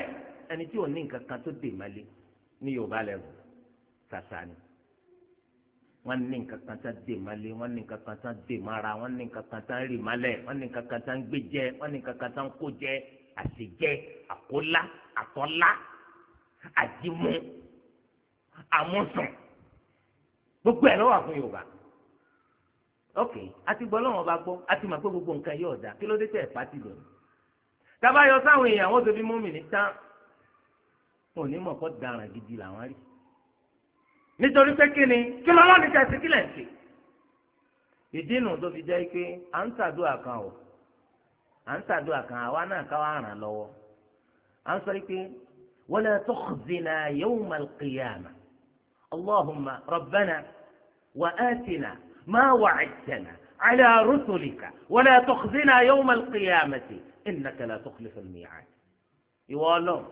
ẹni tí ò ní nǹkan kan tó dè mọ́lé ní yorùbá lẹ́wọ̀n ṣàṣà ni wọ́n ní nǹkan kan tán dè mọ́lé wọ́n ní nǹkan kan tán dè mọ́ra wọ́n ní nǹkan kan tán rì mọ́lẹ̀ wọ́n ní nǹkan kan tán gbé jẹ wọ́n ní nǹkan kan tán kó jẹ àṣejẹ àkólá àtọ́lá àdìmú àmúsùn gbogbo ẹ̀ ló fún yorùbá ok àti gbọ́ lọ́wọ́ bá gbọ́ àti màgbọ́ gbogbo nǹkan yóò dà kí ló dé tẹ̀ ẹ̀ pàtì lọ. tábàyọ sáwọn èèyàn wọn tóbi mọ́mìnì tán wọn ò ní mọ̀ kọ́ daràn gidi làwọn rí. nítorí pé kí ni kí ló lọ́ọ́ ní tẹ̀sí kílẹ̀ ń ṣe. ìdí nù tó fi jẹ́ pé à ń ṣàdúrà kan o à ń ṣàdúrà kan àwa náà káwa ràn lọ́wọ́ à ń sọ pé wala tukhzina yawmal qiyamah allahumma rabbana wa atina. ما وعدتنا على رسلك ولا تخزنا يوم القيامة إنك لا تخلف الميعاد ìwọ Ọlọ́run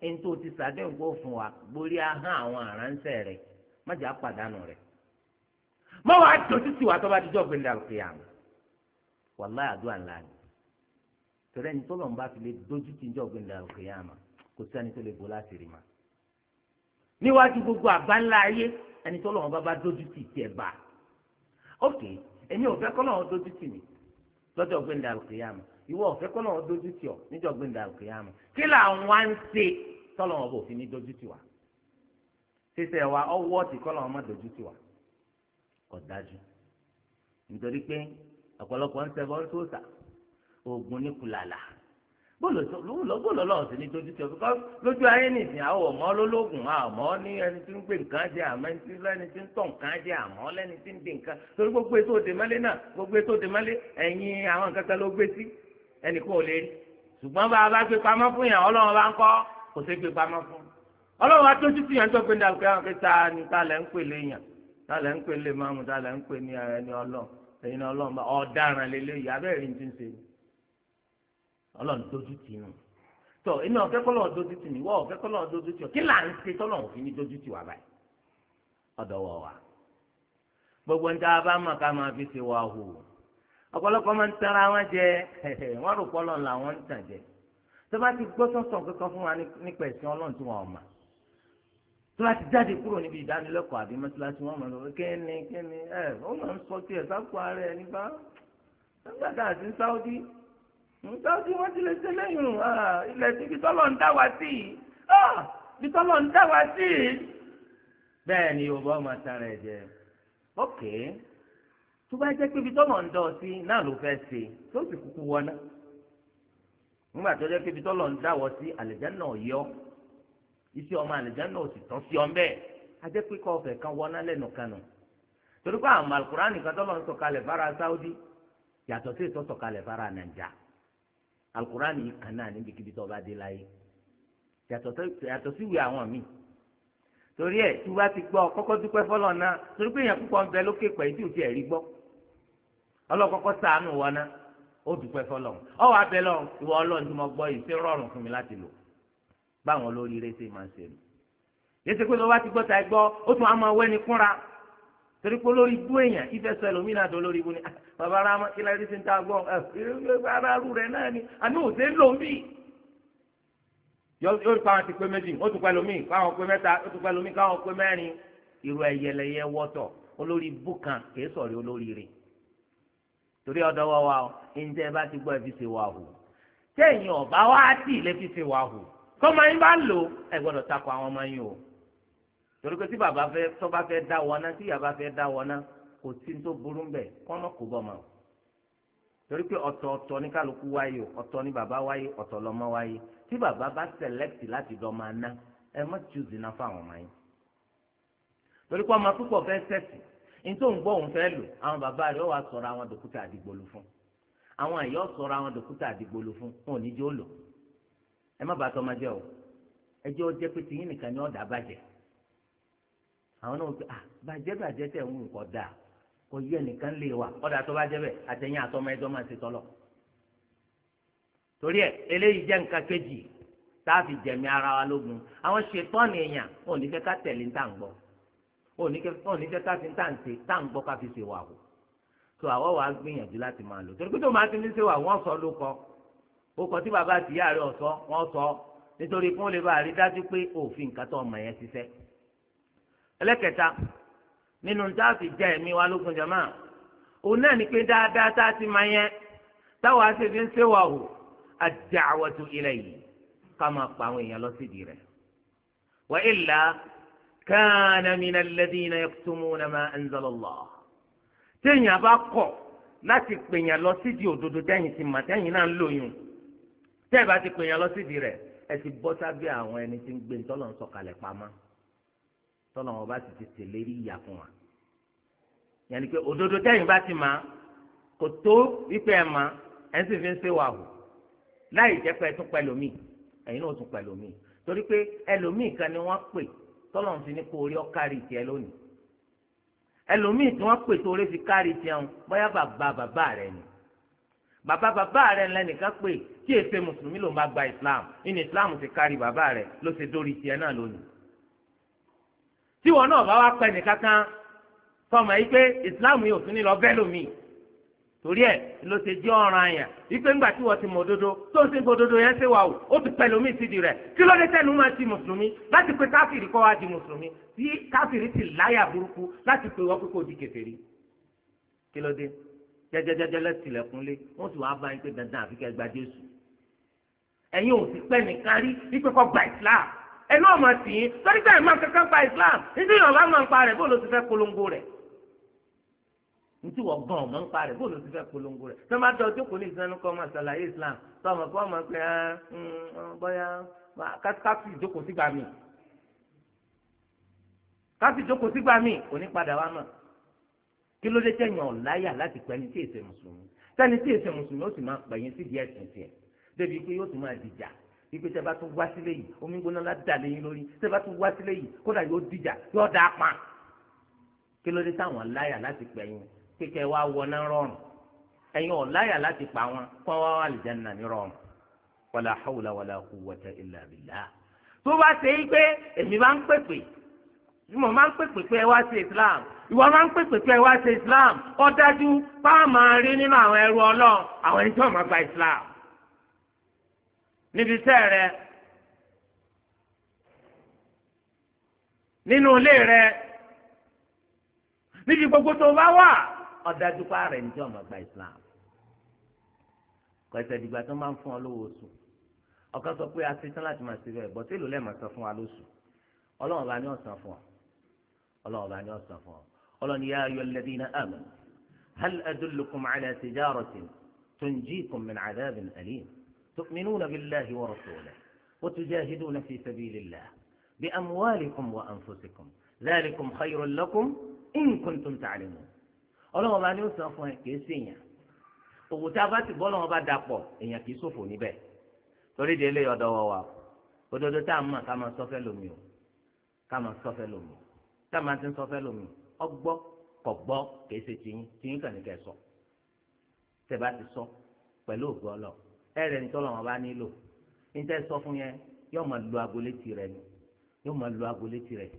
ẹni tó ti ṣàdéhùn kó fún wa gborí ahọ́n àwọn aránṣẹ́ rẹ̀ má jà pàdánù rẹ̀ má wàá dojú sí wa tó bá dijọ́ gbẹ̀ndà òkè àmọ́ wàláhì àdúrà ńlá ni tẹ̀lé ní tó lọ́nba fi lè dojú sí ìjọ́ gbẹ̀ndà òkè àmọ́ kò sí ẹni tó lè bọ́ láti rí ma níwájú gbogbo àbáńlá ayé ẹni tó lọ́nba bá dojú sí ìtì ẹ̀ bá a. ok èmi ò fẹ́ kọ́ náà dojú tì mí lọ́jọ́ gbẹ̀ndà àlùkìyàmù ìwọ ò fẹ́ kọ́ tì ọ́ níjọ́ gbẹ̀ndà àlùkìyàmù kí làwọn wá ń ṣe tọ́lọ̀ ní dojú tì wá ṣíṣe wa ọwọ́ ti kọ́ làwọn má dojú tì wá kò dájú nítorí pé ọ̀pọ̀lọpọ̀ ń bóòlù lọ́wọ́ ní dojú tí o lójú ayé nìsín àwọn ọmọ olólógùn àmọ́ ní ẹni tí ń gbé nǹkan jẹ àmọ́ ẹni tí lẹ́ni tí ń tọ̀ nǹkan jẹ àmọ́ lẹ́ni tí ń di nǹkan torí gbogbo ètò òdèmọ́lé náà gbogbo ètò òdèmọ́lé ẹ̀yin àwọn nǹkan kan ló gbé sí ẹnì kò lè rí ṣùgbọ́n bá a bá gbé pamọ́ fún yàn ọlọ́run bá ń kọ́ kò sí gbé pamọ́ fún ọlọ́run atójú tí ọlọ́run dojú tì nù tọ inú ọ̀kẹ́ kọ́lọ̀ dojú tì mí wọ́ ọ̀kẹ́ kọ́lọ̀ dojú tì ọ́ kí là ń ṣe tọ́lọ̀ òfin ní dojú tì wá báyìí ọ̀dọ̀ wọ̀ wá gbogbo ń tá a bá mọ̀ ká máa fi ṣe wá hù ọ̀pọ̀lọpọ̀ máa ń tẹ́ra wọn jẹ (laughs) wọ́n rò pọ́lọ̀ làwọn ń tàn jẹ tó bá ti gbọ́ sọ̀sọ̀ kankan fún wa nípa ẹ̀sìn ọlọ́run tí wọn ò mà tó bá ti jáde kúrò níbi ìdánilẹ́kọ̀ọ́ àbí mọ́tíláṣí wọn mọ̀ lọ́wọ́ kíni kíni ẹ̀ ó máa ń sọ tiẹ̀ sápò ara ẹ̀ nípa nígbà tá a ti ń sáwọ́dí nǹkan tí wọ́n ti lè ṣe lẹ́yìn ilẹ̀ tí ibi tọ́lọ̀ ń dá wa sí yìí ibi tọ́lọ̀ ń dá wa sí yìí. bẹ́ẹ̀ ni yorùbá ọmọ tara ẹ̀ jẹ ókè tó bá jẹ́ pé ibi tọ́lọ̀ ń dọ̀ sí náà ló fẹ́ ṣe tó sì kúkú wọná nígbà tó jẹ́ pé ibi tọ́lọ̀ ń dáwọ́ sí àlùjánnà yọ iṣẹ́ ọmọ àlùjánnà ò sì tán sí ọ bẹ́ẹ̀ a jẹ́ pé kọ́ọ̀fẹ̀ kan wọná lẹ́nu kanu torí pé àwọn alukurani kan tọ́lọ̀ ń sọ̀kalẹ̀ fara Saudi yàtọ̀ sí ìtọ́sọ̀kalẹ̀ fara Nàìjíríà alukurani yìí ni náà níbikíbi tó bá dé láyé yàtọ̀ sí ìwé àwọn míì torí ẹ̀ tí wọ́n ti gbọ́ kọ́kọ́ dúpẹ́ fọlọ́ náà torí pé èèyàn púpọ̀ ń bẹ lókè pẹ̀ tí O ti ẹ̀rí gbọ́ ọlọ́kọ́kọ́ sàánù wọn náà ó dúpẹ́ fọlọ́ ọwọ́ abẹ lọ ìwọ ọlọ́run tí mo gbọ́ yìí ṣe rọrùn fún mi láti lò báwọn olóríire ṣe máa ṣe lò yẹtí pé lọ́wọ́ ti gbọ́ ta ẹ gbọ́ ó tún á máa wẹ́ni kúnra torí pé lórí ibú èèyàn ìfẹ́ sọ ẹlòmínà tó lórí ibú ni ah, bàbá rama kí láti ṣe ń ta gbọ́n ara eh, rú rẹ̀ náà ni àmì òde ló ń bì. yóò pa àwọn ti pé méjì ó tún pa ẹlòmíì káwọn pé mẹ́ta ó tún pa ẹlòmíì káwọn pé mẹ́rin irú ẹyẹlẹyẹ wọ́tọ̀ olórí ibú kan kìí sọ̀rí olórí rẹ̀ torí ọ̀dọ́ wa wa ọ ǹjẹ́ ẹ bá ti gbọ́ ẹ fi ṣe wà hù téèyàn ọ̀bá wa tì lè fi ṣe wà hù tọ́mọ yín bá lò ẹ gbọ́dọ̀ takọ àwọn ọmọ yín o torí pé tí bàbá fẹ́ tó bá fẹ́ dá wọná tí ìyá bá fẹ́ dá wọná kò sí tó burú ń bẹ̀ kọ́nà kò bọ̀ mọ́ torí pé ọ̀tọ̀ ọ̀tọ̀ ní kálukú wáyé o ọ̀tọ̀ ní bàbá wáyé ọ̀tọ̀ lọ́mọ wáyé tí bàbá bá sẹ̀lẹ́kìtì láti dọ́ máa ná ẹ má jùzì ná fáwọn ọmọ yín torí pé ọmọ púpọ̀ fẹ́ sẹ̀sì nítorí òun gbọ́ òun fẹ́ lò àwọn bàbá rẹ̀ wà sọ̀rọ̀ àwọn dòkúta àdìgbòlù fún àwọn àyè ọ̀sọ̀rọ̀ àwọn dòkúta àdìgbòlù fún wọn ò jẹ́ ó ẹ má bàtọ́ ọmọ o ẹ jẹ́ ó jẹ́ pé tiyín nìkan ni ọ̀dà bàjẹ́ àwọn náà gbé ah bàjẹ́ bàjẹ́ tẹ̀ ń kọ́ da kò yẹ nìkan lè wà ọ̀dà tó bá jẹ́ bẹ̀ àtẹ̀yìn àtọmọ ẹjọ́ máa ṣe tọ́lọ̀ torí ẹ eléyìí jẹ́ nǹkan kejì tá a fi jẹ̀mí ara wa lógun àwọn ṣètọ́nì èèyàn ò ní fẹ́ ká tẹ̀lé tá à ń gbọ́ ò ní fẹ́ ká fi tá à ń ṣe tá à ń gbọ́ ká fi ṣe wà wò tó àwọ̀ wa gbìyànjú láti máa lò torí pé tó máa ti ní ṣe wà wọ́n sọ ló kọ ó kọ tí bàbá àtìyá rẹ̀ ọ̀sọ́ wọ́n sọ nítorí fún olè ẹlẹ́kẹta nínú tá a fi já ẹ̀mí wa lógun jama òun náà ni pé dáadáa tá a ti máa yẹn táwa ṣe fi ń ṣe wà hù ad-da'watu ilayhi ká máa pa àwọn èèyàn lọ sídìí rẹ̀ wa illa kana min alladhina yaktumuna ma anzala Allah téèyàn bá kọ̀ láti pèèyàn lọ sídìí òdodo dẹ́yìn ti mà dẹ́yìn náà ń lóyún tẹ́ẹ̀ bá ti pèèyàn lọ sídìí rẹ̀ ẹ ti bọ́ sábẹ́ àwọn ẹni tí ń gbé ntọ́lọ́ ń pamọ́ tọ́nà wọn bá sì ti tẹ̀lé rí ìyà fún wa yẹnni pé òdodo tẹ́yìn bá ti ma kò tó wípé ẹ̀ ma ẹ̀ sì fi ń ṣe wà hù láì jẹ́ pé ẹ tún pẹ̀lú mi ẹ̀yin náà tún pẹ̀lú mi torí pé ẹlòmíì kan ni wọ́n pè tọ́lọ̀ fi ní kó orí ọ̀kárì tiẹ̀ lónìí ẹlòmíì tí wọ́n pè tó fi kárì tiẹ̀ ń bóyá bàbá bàbá rẹ̀ ni bàbá bàbá rẹ̀ lẹ́nìkan pè kí èsè mùsùlùmí ló ń gba islam inú islam ti kárì bàbá rẹ̀ ló ṣe dórí tiẹ̀ náà lónìí tí wọn náà bá wá pẹ́ nìkan kan sọmọ yìí pé islam yìí ò tún ní lọ bẹ́ẹ̀ lómi torí ẹ ló ṣe jẹ́ ọ̀ràn àyàn wípé ńgbà tí wọ́n ti mọ òdodo tó ń ṣe gbòdodo yẹn ṣe wà o ó ti pẹ̀lú omi ìsìdì rẹ̀ kí ló dé tẹ́nu máa ti mùsùlùmí láti pé káfíìrì kọ́ wa di mùsùlùmí tí káfíìrì ti láyà burúkú láti pé wọ́n kókó di kèfèrí kí ló dé jẹjẹjẹjẹ lẹtìlẹkùnlé wọ́n sì wáá bá yín pé dandan àfi kẹ́ gba Jésù ẹ̀yin ò sì pẹ́ nìkan rí wípé kọ́ gba Islam ẹnu ọmọ tì í lórí pé ẹ̀ma kankan pa Islam nítorí ọ̀la máa ń pa rẹ̀ bó ló ti fẹ́ polongo rẹ̀ nítí wọ́n gan ọ̀mọ́ ń pa rẹ̀ bó ló ti fẹ́ polongo rẹ̀ tó máa dọ̀ jókòó ní ìsinmi kọ́ máa ṣàlàyé Islam tó ọmọ kọ́ máa pẹ́ bọ́yá káfí ìjókòó sígbà mi káfí ìjókòó sígbà mi kò ní padà wá mọ̀ kí ló dé tẹ̀yàn ọ̀láyà láti pẹ́ni tí èsè mùsùlùmí tẹ́ni tí èsè mùsùlùmí ó sì máa pẹ̀yìn sídìí ẹ̀sìn tiẹ̀ débi pé yóò tún máa dìjà ìpè tẹ́ bá tún wá sílé yìí omi gbóná la dà lẹ́yìn lórí tẹ́ bá tún wá sílé yìí kódà yóò dìjà yóò dà pa kí ló dé táwọn láyà láti pè yín kíkẹ́ wá wọná rọrùn ẹ̀yin ò láyà láti pa wọn kó wá wà àlùjánnà ní rọrùn wàlà hàwùlà wàlà kúwwata ìllà billah tó bá ṣe é pé èmi máa ń pèpè bí mo máa ń pèpè pé ẹ wá sí Islam ìwọ máa ń pèpè pé ẹ wá sí Islam ó dájú bá a máa rí nínú àwọn ẹrú Ọlọ́run àwọn ẹni tí wọ́n máa gba Islam níbi iṣẹ́ rẹ nínú ilé rẹ níbi gbogbo tó bá wà ọ̀dájúpá rẹ̀ ń jẹ́ ọmọ gba Islam kọ̀ọ̀tẹ̀ ìdìgbà tó máa ń fún ọ lówó oṣù ọ̀kan sọ pé a ti tán láti máa ṣe bẹ́ẹ̀ bọ́tí èlò lẹ́ẹ̀ma sọ fún wa lóṣù ọlọ́run bá ní ọ̀sán fún ọ ọlọ́run bá ní ọ̀sán fún ọ ọlọ́run yá ayọ̀ alladhina amanu hal adullukum ala tijaratin tunjikum min adhabin alim. تؤمنون بالله ورسوله وتجاهدون في سبيل الله بأموالكم وأنفسكم ذلكم خير لكم إن كنتم تعلمون ọlọ́wọ́n bá ní ó sọ fún ẹ kìí sí èèyàn òwò tá a bá ti bọ́ lọ́wọ́ bá dapọ̀ èèyàn kìí ṣòfò níbẹ̀ torí délé ọ̀dọ̀ wọ̀ wá òdodo tá a mọ̀ ká máa sọ́fẹ́ lomi o ká máa sọ́fẹ́ lomi tá a máa ti ń sọ́fẹ́ lomi ọgbọ́ kọ̀ gbọ́ kìí ṣe tiyín tiyín kàn kẹ́ sọ tẹ̀ bá ti sọ pẹ̀lú ògbọ́ ọlọ́ọ̀ ẹ̀rẹ̀ ń tọ́lọ̀ wọn bá nílò níta sọ fún yẹn yóò máa lu agolé tirẹ̀ ni yóò máa lu agolé tirẹ̀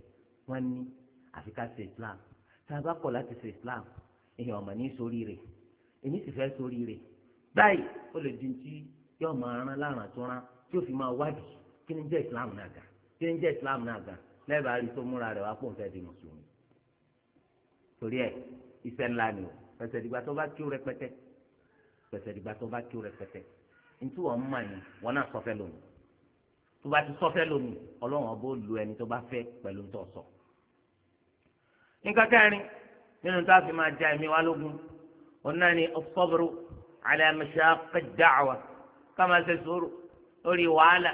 wọ́n ní àfi ká ṣe islam tá a bá kọ̀ láti ṣe islam èèyàn ọ̀mọ̀ ní sórí rẹ̀ èmi sì fẹ́ sórí rẹ̀ báyìí ó lè di ti yóò máa rán láràn tó rán tí ó fi máa wádìí kí ni jẹ́ islam náà gà kí ni jẹ́ islam náà gà lẹ́bàá rí tó múra rẹ̀ wá pò fẹ́ di mùsùlùmí torí ẹ̀ iṣẹ́ ńlá ni o pẹ̀sẹ̀ ìdìgbà tó bá kí ó rẹpẹtẹ pẹ̀sẹ̀ ìdìgbà tó bá kí ó rẹpẹtẹ ntí wọn mọ yẹn wọn náà sọ fẹ́ lónìí tó bá ti sọ fẹ́ lónìí Ọlọ́run ọbọ lu ẹni tó bá fẹ́ pẹ̀lú ntọ sọ. nǹkan kẹrin nínú tó a fi máa ja ẹ̀mí wa lógun òun náà ni ọsọbùrù ala mashaqqi da'wa ká máa ṣe sùúrù lórí wàhálà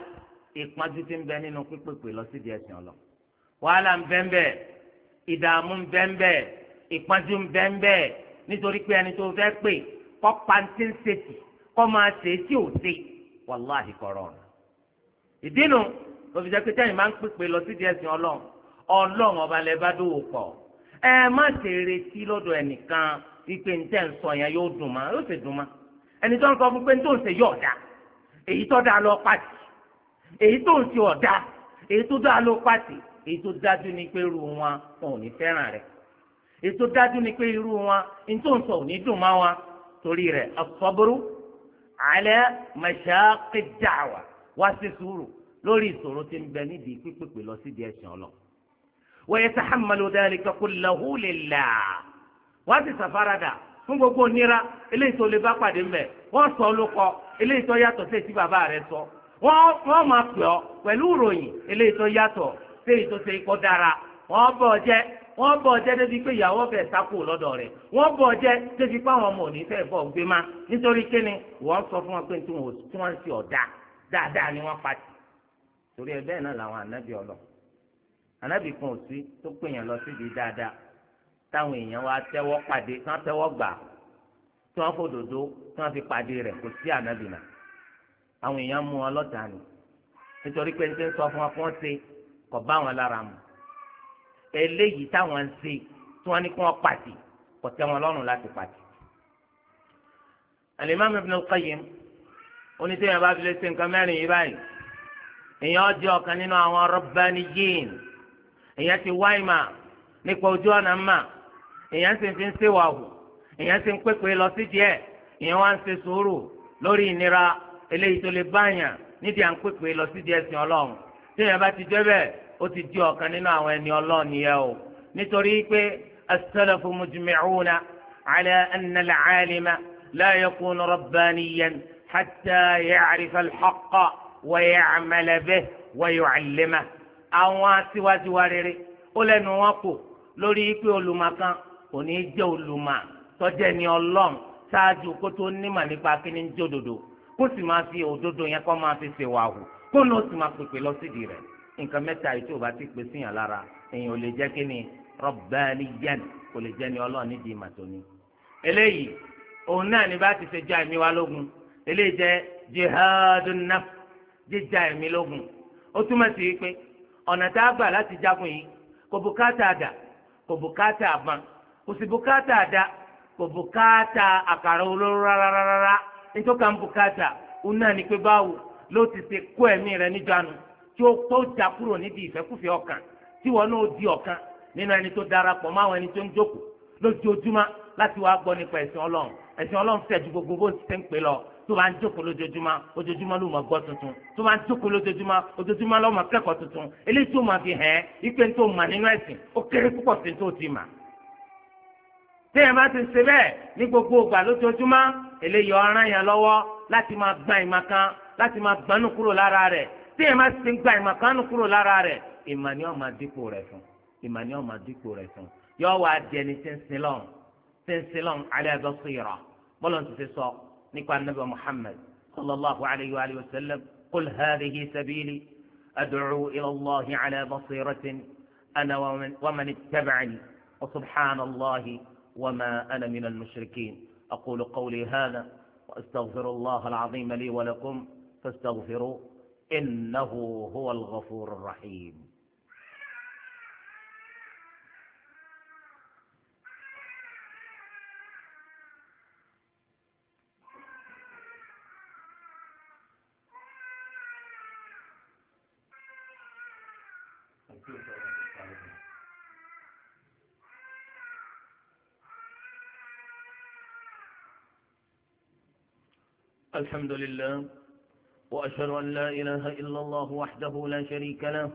ìpọ́njú tí ń bẹ nínú pípèpè lọ sí díẹ̀ sìn ọlọ wàhálà ń bẹ ìdààmú ń bẹ ìpọ́njú ń bẹ nítorí pé ẹni tó fẹ́ pè kọ́ pàǹtí ń ṣètì kọ́ máa ṣe tí ò ṣe wàláhì kọ̀rọ̀ ọ̀nà. ìdínú lọ́fi jẹ́ pé tẹ́yìn máa ń pèpè lọ sí díẹ̀ sí ọlọ́run ọlọ́run ọba lẹ bá dòwò pọ̀ ẹ má ṣe retí lọ́dọ̀ ẹnìkan wípé ní tẹ́ ń sọ yẹn yóò dùn má yóò ṣe dùn má ẹni tó ń sọ fún pé ní tó ń ṣe yóò dá èyí tó dá lọ pàtì èyí tó ń ṣe ọ̀dá èyí tó dá lọ pàtì èyí tó dájú ni pé irú wọn wọn ò ní fẹ́ràn rẹ̀ èyí tó dájú ni pé irú wọn ní tó ń sọ ò ní dùn má wọn torí rẹ̀ ọ̀sọ́bùrú àlẹ́ mẹ̀ṣáàkì dàwà wá sí sùúrù lórí ìṣòro tí ń bẹ nídìí pípèpè lọ sídìí ẹ̀sìn ọlọ. wọ́n yẹ sàhámàlú dhalika kullahu lillah wá sí sàfaradà fún gbogbo nira eléyìí tó lè bá pàdé mbẹ wọ́n sọ olùkọ́ eléyìí tó yàtọ̀ sí èsì bàbá rẹ sọ wọ́n máa pè ọ́ pẹ̀lú ìròyìn eléyìí tó yàtọ̀ sí èyí tó ṣe ikọ́ dára wọ́n bọ̀ jẹ́ wọ́n bọ̀ jẹ́ débi pé ìyàwó fẹ́ sákò lọ́dọ̀ rẹ̀ wọ́n bọ̀ jẹ́ débi pé àwọn ọmọ òní fẹ́ gbé má nítorí kíni wọ́n sọ fún wọn pé tí wọ́n ti ọ̀dà dáadáa ni wọ́n pati torí ẹ bẹ́ẹ̀ náà làwọn ànábì ọlọ ànábì kan ò sí tó pè yàn lọ síbi dáadáa táwọn èèyàn wa tẹ́wọ́ pàdé kán tẹ́wọ́ gbà tí wọ́n fòdòdó tí wọ́n fi pàdé rẹ̀ kò sí ànábì náà àwọn èèyàn mú wọn lọ́tàá ni nítorí pé ní sọ fún wọn kí wọ́n ṣe kọ̀ bá wọn lára mu eléyìí táwọn ń ṣe tí wọ́n ní kí wọ́n pàtì kò tẹ́ wọn lọ́rùn láti pàtì. Al-Imam Ibn al-Qayyim oníṣẹ́yìn bá fi lè ṣe nǹkan mẹ́rin yìí báyìí èèyàn jẹ́ ọ̀kan nínú àwọn rabbaniyyin èèyàn ti wá ìmà nípa ojú ọ̀nà mà èèyàn sì fi ń ṣèwà hù èèyàn sì ń pépè lọ sí díẹ̀ èèyàn wá ń ṣe sùúrù lórí ìnira eléyìí tó lè báyàn nídìí à ń pèpè lọ sí díẹ̀ sìn ọlọ́run ó ti di ọ̀kan nínú àwọn ẹni ọlọ́ọ̀ni yẹn o nítorí pé as-salafu mujmi'una ala anna al-'alima la yakunu rabbaniyan hatta ya'rifa al-haqqa wa ya'mala bihi wa yu'allimahu àwọn aṣíwájú wa rere ó lẹ́nu wọn kò lórí pé olùmọ̀kan kò ní í jẹ́ olùmọ̀ tọ́jẹ́ ni ọlọ́run ṣáájú kó tó nímọ̀ nípa kíní jódodo kó sì máa fi òdodo yẹn kó máa fi ṣèwà hù kó ló sì máa pèpè lọ sídìí rẹ̀ nǹkan mẹ́ta yìí tí o bá ti pè sí yàn lára èèyàn ò lè jẹ́ kí ni rabbaniyan kò lè jẹ́ ni ọlọ́run nídìí màtó ni. eléyìí òun náà ni bá ti ṣe já ẹ̀mí wa lógun eléyìí jẹ́ jihadun naf jíjà ẹ̀mí lógun ó túmọ̀ sí pé ọ̀nà tá a gbà láti jagun yìí kò bùkátà àdá kò bùkátà àbọn kò sì bùkátà àdá kò bùkátà àkàrà olóró rárá nítorí kan bùkátà òun náà ni pé báwo ló ti ṣe kó ẹ̀mí rẹ níjànú tí ó tó já kúrò níbi ìfẹ́kúfẹ̀ẹ́ ọkàn tí wọn náà di ọ̀kan nínú ẹni tó darapọ̀ mọ́ àwọn ẹni tó ń jókòó lójoojúmọ́ láti wá gbọ́ nípa ẹ̀sìn Ọlọ́run ẹ̀sìn Ọlọ́run fẹ̀ ju gbogbo bó ti ń pè lọ tó bá ń jókòó lójoojúmọ́ ojoojúmọ́ ló máa gbọ́ tuntun tó bá ń jókòó lójoojúmọ́ ojoojúmọ́ ló máa kẹ́kọ̀ọ́ tuntun eléyìí tó máa fi hẹ́n ipe tó mà nínú ẹ̀sìn ó kéré púpọ̀ sí tó ti mà. téèyàn bá ti ṣe bẹ́ẹ̀ ní gbogbo ìgbà lójoojúmọ́ eléyìí ọ̀ràn yẹn lọ́wọ́ láti máa gbọ́n ìmọ̀ kan láti máa gbanú kúrò lára rẹ̀ tí èèyàn máa ti ẹ maa ti n gba ìmọ̀kánú kúrò lára rẹ̀ ìmọ̀ ni ó máa dípò rẹ̀ fún ìmọ̀ ni ó máa dípò rẹ̀ fún yọ wá di ẹni tí ń sin alẹ́ ẹ̀dọ́ sí ìrọ̀ bọ́lá ń ti sọ nípa nabẹ muhammed sallallahu alayhi wa sallam qul hadhihi sabili ad'u ila allahi ala basiratin ana wa man ittaba'ani wa subhanallahi wa ma ana min al-mushrikin aqulu qawli hadha wa astaghfirullaha al-azim li wa lakum fastaghfiruhu إنه هو الغفور الرحيم الحمد لله وأشهد أن لا إله إلا الله وحده لا شريك له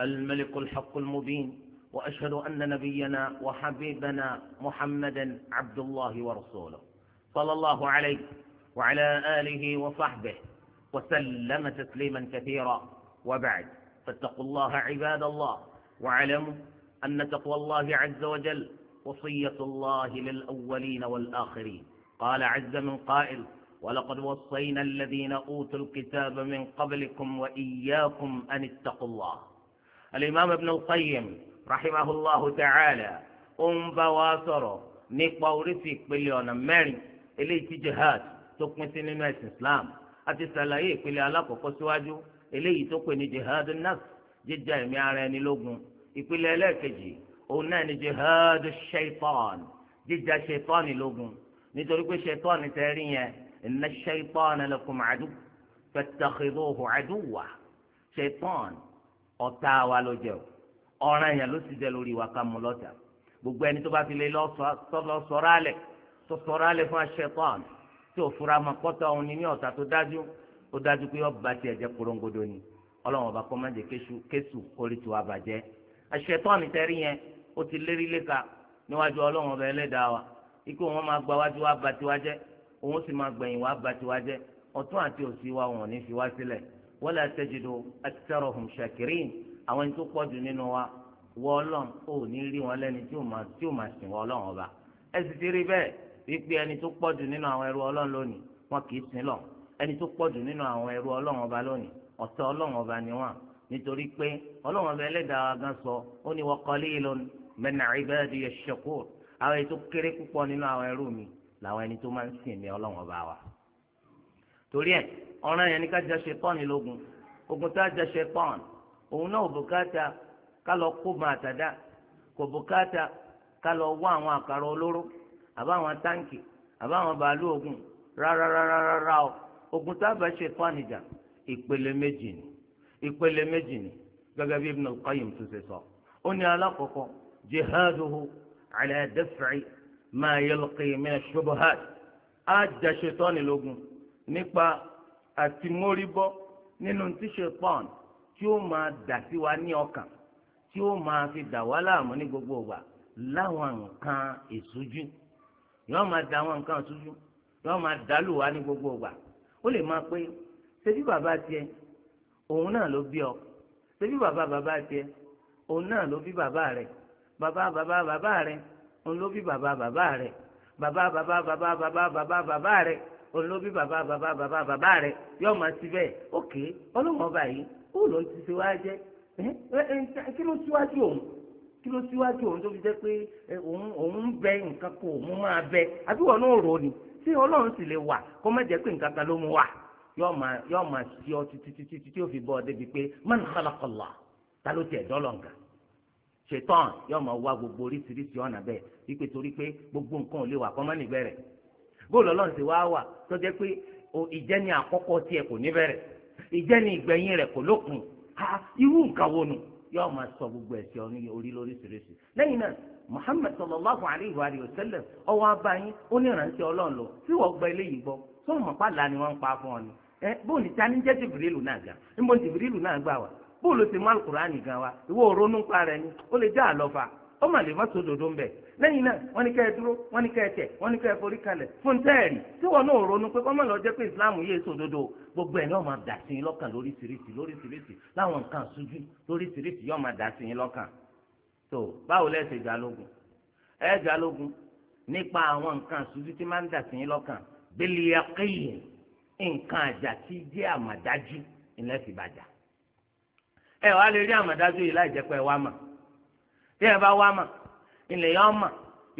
الملك الحق المبين وأشهد أن نبينا وحبيبنا محمدا عبد الله ورسوله صلى الله عليه وعلى آله وصحبه وسلم تسليما كثيرا وبعد فاتقوا الله عباد الله واعلموا أن تقوى الله عز وجل وصية الله للأولين والآخرين قال عز من قائل ولقد وصينا الذين أوتوا الكتاب من قبلكم وإياكم أن اتقوا الله الإمام ابن القيم رحمه الله تعالى ń bá wa sọ̀rọ̀ nípa oríṣi ìpele ọ̀nà mẹ́rin eléyìí tí jihad tó pín sí nínú ẹ̀sìn Islam àti sàlàyé ìpele alákọ̀ọ́kọ́ síwájú eléyìí tó pè ní jihad nafs jíjà ẹ̀mí ara ẹni lógun ìpele ẹlẹ́ẹ̀kejì òun náà ni jihad shaitan jíjà shaitan lógun nítorí pé shaitan tẹ́ rí yẹn inna الشيطان لكم عدو فاتخذوه عدوا شيطان ṣaitan ọ̀tá wa ló jẹ́ o ọ̀ràn yẹn ló sì jẹ́ lórí wa ká mú lọ́tà gbogbo ẹni tó bá fi lè lọ sọ̀rọ̀ alẹ̀ tó sọ̀rọ̀ alẹ̀ fún aṣẹ́tọ́n tí ò fura ma kọ́tà òun ni ní ọ̀tà tó dájú ó dájú pé ọba tiẹ̀ jẹ́ korongodo ni ọlọ́run ọba kọ́ má jẹ́ kéṣù kórè tó a bàjẹ́ aṣẹ́tọ́n tẹ́rí yẹn ó ti lérí léka níwájú ọlọ́run ọba ẹlẹ́dàá wa ikú wọn máa gba wájú wa bá tiwa òun sì máa gbẹ̀yìn wá bá tiwa jẹ́ ọ̀tún àti òsì wa wọn ò ní fi wá sílẹ̀ wala tajidu aktharahum shakirin àwọn ẹni tó pọ̀ jù nínú wa wọ ọlọ́run ò ní rí wọn lẹ́ni tí ò máa tí ò máa sìn wọ ọlọ́run ọba ẹ sì ti rí bẹ́ẹ̀ wípé ẹni tó pọ̀ jù nínú àwọn ẹrú ọlọ́run lónìí wọn kì í sin lọ ẹni tó pọ̀ nínú àwọn ẹrú ọlọ́run ọba lónìí ọ̀tá ọlọ́run ọba ni wọn nítorí pé ọlọ́run ọba ẹlẹ́dàá wa gan sọ ó ní wa qalilun min ibadiyash shakur àwọn ètò kéré púpọ̀ nínú àwọn ẹrú mi làwọn ẹni tó máa ń sìn mí ọlọ́run ọba wa torí ẹ ọ̀ràn yẹn ni ká ogun taa a jẹ ṣetán òun náà bùkátà ká lọ kó ma àtàdá kò bùkátà ká lọ wá àwọn àkàrà olóró àbá àwọn táǹkì àbá àwọn ogun rárárárárá o ogun tá a bá ṣetán ìjà ìpele méjì ni ìpele méjì ni gẹ́gẹ́ bí tó ṣe sọ ó ní jihaduhu ala máa yẹlọkẹ mìíràn ṣubuhat á jẹ ṣetọ́ni lógun nípa àti móríbọ́ nínú tí ṣetọ́n tí ó máa dà sí wa ní ọkàn tí ó máa fi dà wá láàmú ní gbogbo wa láwọn nǹkan ìṣújú yóò máa da àwọn nǹkan ìṣújú yóò máa dàlù wá ní gbogbo wa ó lè máa pé ṣebí bàbá tiẹ̀ òun náà ló bí ọ ṣebí bàbá bàbá tiẹ̀ òun náà ló bí bàbá rẹ bàbá bàbá bàbá rẹ òun ló bí bàbá bàbá rẹ bàbá bàbá bàbá bàbá bàbá bàbá bàbá bàbá bàbá bàbá rẹ̀ yóò máa ti bẹ́ẹ̀ ókè ọlọ́wọ́n ọba ó ti ṣe wáá jẹ́ kí ló síwájú òun kí ló síwájú òun tó fi jẹ́ pé òun ń bẹ nǹkan kó òun máa bẹ àbí wọn náà rò ni tí ọlọ́run sì ọ ṣetán yóò mọ wá gbogbo oríṣiríṣi ọ̀nà bẹ́ẹ̀ wípé torí pé gbogbo nǹkan ò lè wà kọ́mọ́ níbẹ̀rẹ̀ bóòlù ọlọ́run ti wá wà tó jẹ́ pé ìjẹ́ni àkọ́kọ́ tiẹ̀ kò níbẹ̀rẹ̀ ìjẹ́ni ìgbẹ̀yìn rẹ̀ kò ha irú nǹkan wo nu yóò sọ gbogbo ẹ̀sẹ̀ orí lóríṣiríṣi lẹ́yìn náà wa ọwọ́ ó ní ọlọ́run lọ tí wọ́n gba eléyìí gbọ́ tó mọ̀ pàlà ni wọ́n ń pa fún ọ ni ẹ bóun ta ní jẹ́ náà bóòlù ti má alukur'ani gan wa ìwọ òrónú pa rẹ ni ó lè já àlọ́fà ó mà lè má so dòdò ń bẹ̀ lẹ́yìn náà wọ́n ní kẹ́ ẹ dúró wọ́n ní kẹ́ ẹ tẹ̀ wọ́n ní kẹ́ ẹ forí kalẹ̀ fún tẹ́ẹ̀rì tí wọ́n náà ronú pé kọ́mọ́ lọ jẹ́ pé ìsìláàmù yé so dòdò gbogbo ẹ̀ náà máa dà sí yín lọ́kàn lóríṣiríṣi lóríṣiríṣi láwọn nǹkan sójú lóríṣiríṣi yóò máa dà yín lọ́kàn tó báwo lẹ́ jalógun ẹ jalógun nípa àwọn nǹkan sójú tí máa ń dà yín lọ́kàn bẹ́lẹ̀ yaqin nǹkan àjà tí jẹ́ àmàdájú ẹ wàá lè rí àmọ̀dájú yìí láì jẹ́ pé ẹ wá mà bí ẹ bá wá mà ilẹ̀ yẹn ọmọ